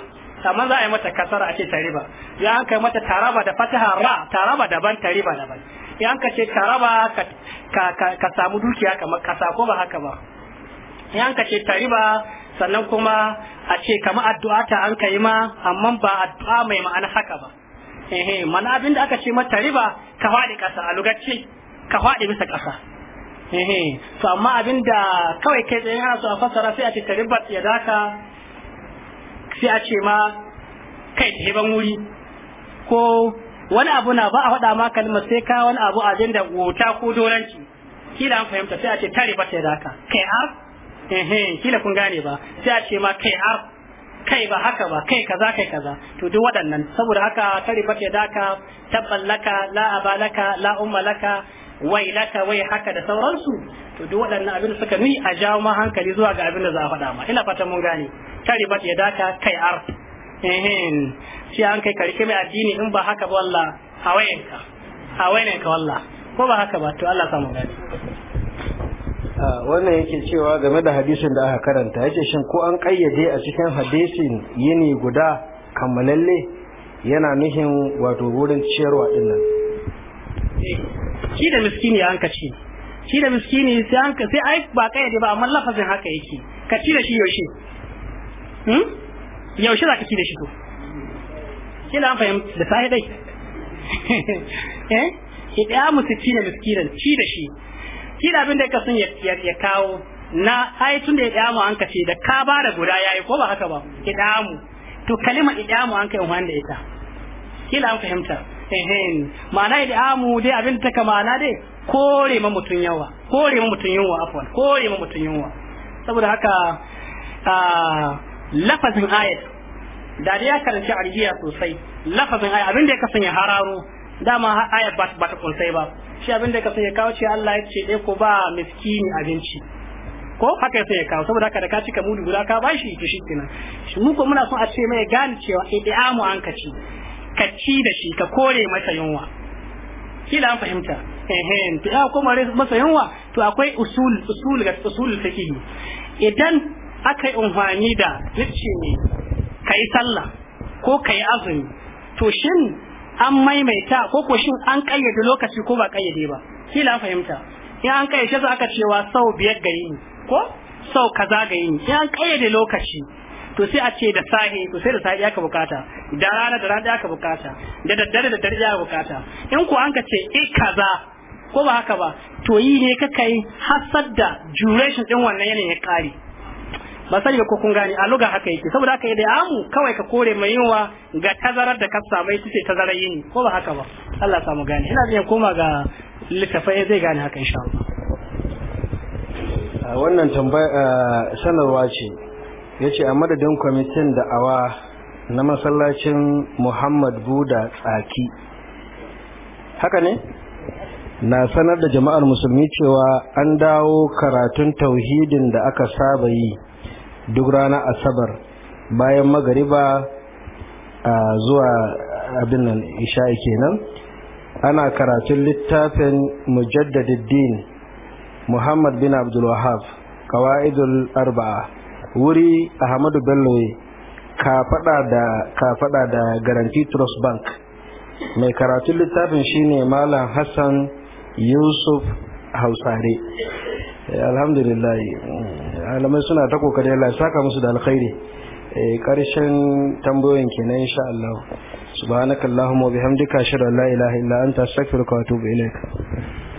amma za a yi mata kasara a ce tariba ya an kai mata taraba da fataha ra taraba daban tariba daban in ka ce ka raba ka samu dukiya kamar kasa ko ba haka ba in ka ce ta riba sannan kuma a ce kama addu'a ta an kai ma amma ba addu'a mai ma'ana haka ba ehe mana abin aka ce mata riba ka faɗi ƙasa a lugacce ka faɗi bisa ƙasa ehe to amma abinda kawai kai tsaye ana so a fassara sai a ce riba ya daka sai a ce ma kai ta heban wuri ko wani abu na ba a faɗa ma kalma sai ka wani abu abin da wuta ko doranci kila an fahimta sai a ce tare ba ta da haka kai ar, eh kila kun gane ba sai a ce ma kai ar, kai ba haka ba kai kaza kai kaza to duk waɗannan saboda haka tare ba ta da haka tabballaka la abalaka la ummalaka wai laka wai haka da sauransu to duk waɗannan abin da suka ni a jawo ma hankali zuwa ga abin da za a faɗa ma ina fatan mun gane tare ba ta da haka kai eh shi an kai karke mai addini in ba haka ba wallah hawayenka hawayenka wallah ko ba haka ba to Allah samu gani ah, wannan yake cewa game da hadisin da aka karanta yace shin ko an kayyade a cikin hadisin yini guda kammalalle yana nufin wato wurin ciyarwa din nan eh, shi da miskini an ka ce shi da miskini sai an ka sai ai ba kayyade ba amma lafazin haka yake ka ci da shi yaushe hmm? yaushe za ka ci da shi to kila an fahimta da sai dai <laughs> eh ya kina miskiran ci da shi kila abin da ka sun ya kawo na ai tun da ya mu an kace da ka ba da guda yayi ko ba haka ba mu to kalima mu an kai da ita kila an fahimta ehen ma'ana mu dai abin da ta ma'ana dai kore ma mutun yawa kore ma mutun yawa afwan kore ma mutun yawa saboda haka a ah, lafazin ayat da dai ya karanci arjiya sosai lafazin aya abin da ya kasance hararo dama aya ba ta kunsai ba shi abin da ya kasance kawo ce Allah ya ce dai eh, ko ba miskini abinci ko haka ya ya kawo saboda haka da ka cika mudu guda ka bashi to shi kenan shi mu ko muna son a ce mai gane cewa idamu eh, an kaci ka ci da shi ka kore masa yunwa kila an fahimta ehem to ya koma masa yunwa to akwai usul usul ga usul fiqh idan aka yi amfani da yace ka yi sallah ko ka yi azumi to shin an maimaita ko ko shin an kayyade lokaci ko ba kayyade ba shi la fahimta in an kayyade za ka cewa sau biyar gari ne ko sau kaza gari ne in an kayyade lokaci to sai a ce da sahi to sai da sahi ya ka bukata da rana da rana ya ka bukata da daddare da daddare ya ka bukata in ko an ka ce e kaza ko ba haka ba to yi ne ka kai hasar da duration din wannan yanayin ya kare ba sani ba ko kun gane a luga haka yake saboda haka da amu kawai ka kore mai yunwa ga tazarar da ka samai tace tazarar yini ko ba haka ba Allah ya samu gane ina zan koma ga littafai zai gane haka insha Allah wannan tambaya sanarwa ce yace a madadin kwamitin da awa na masallacin Muhammad Buda Tsaki haka ne na sanar da jama'ar musulmi cewa an dawo karatun tauhidin da aka saba yi duk rana asabar bayan magariba a zuwa abin nan isha'i kenan ana karatun littafin mujaddaduddin muhammad bin abdulwahab kawa'idul arba'a wuri ahmadu bello ka da da garanti trust bank mai karatun littafin shine malam hassan yusuf hausare eh, alhamdulillah mm. alamai suna ta kokari Allah ya saka musu da alkhairi eh karshen tambayoyin kenan insha Allah subhanakallahumma wa bihamdika ashhadu an la ilaha illa anta astaghfiruka wa atubu ilaik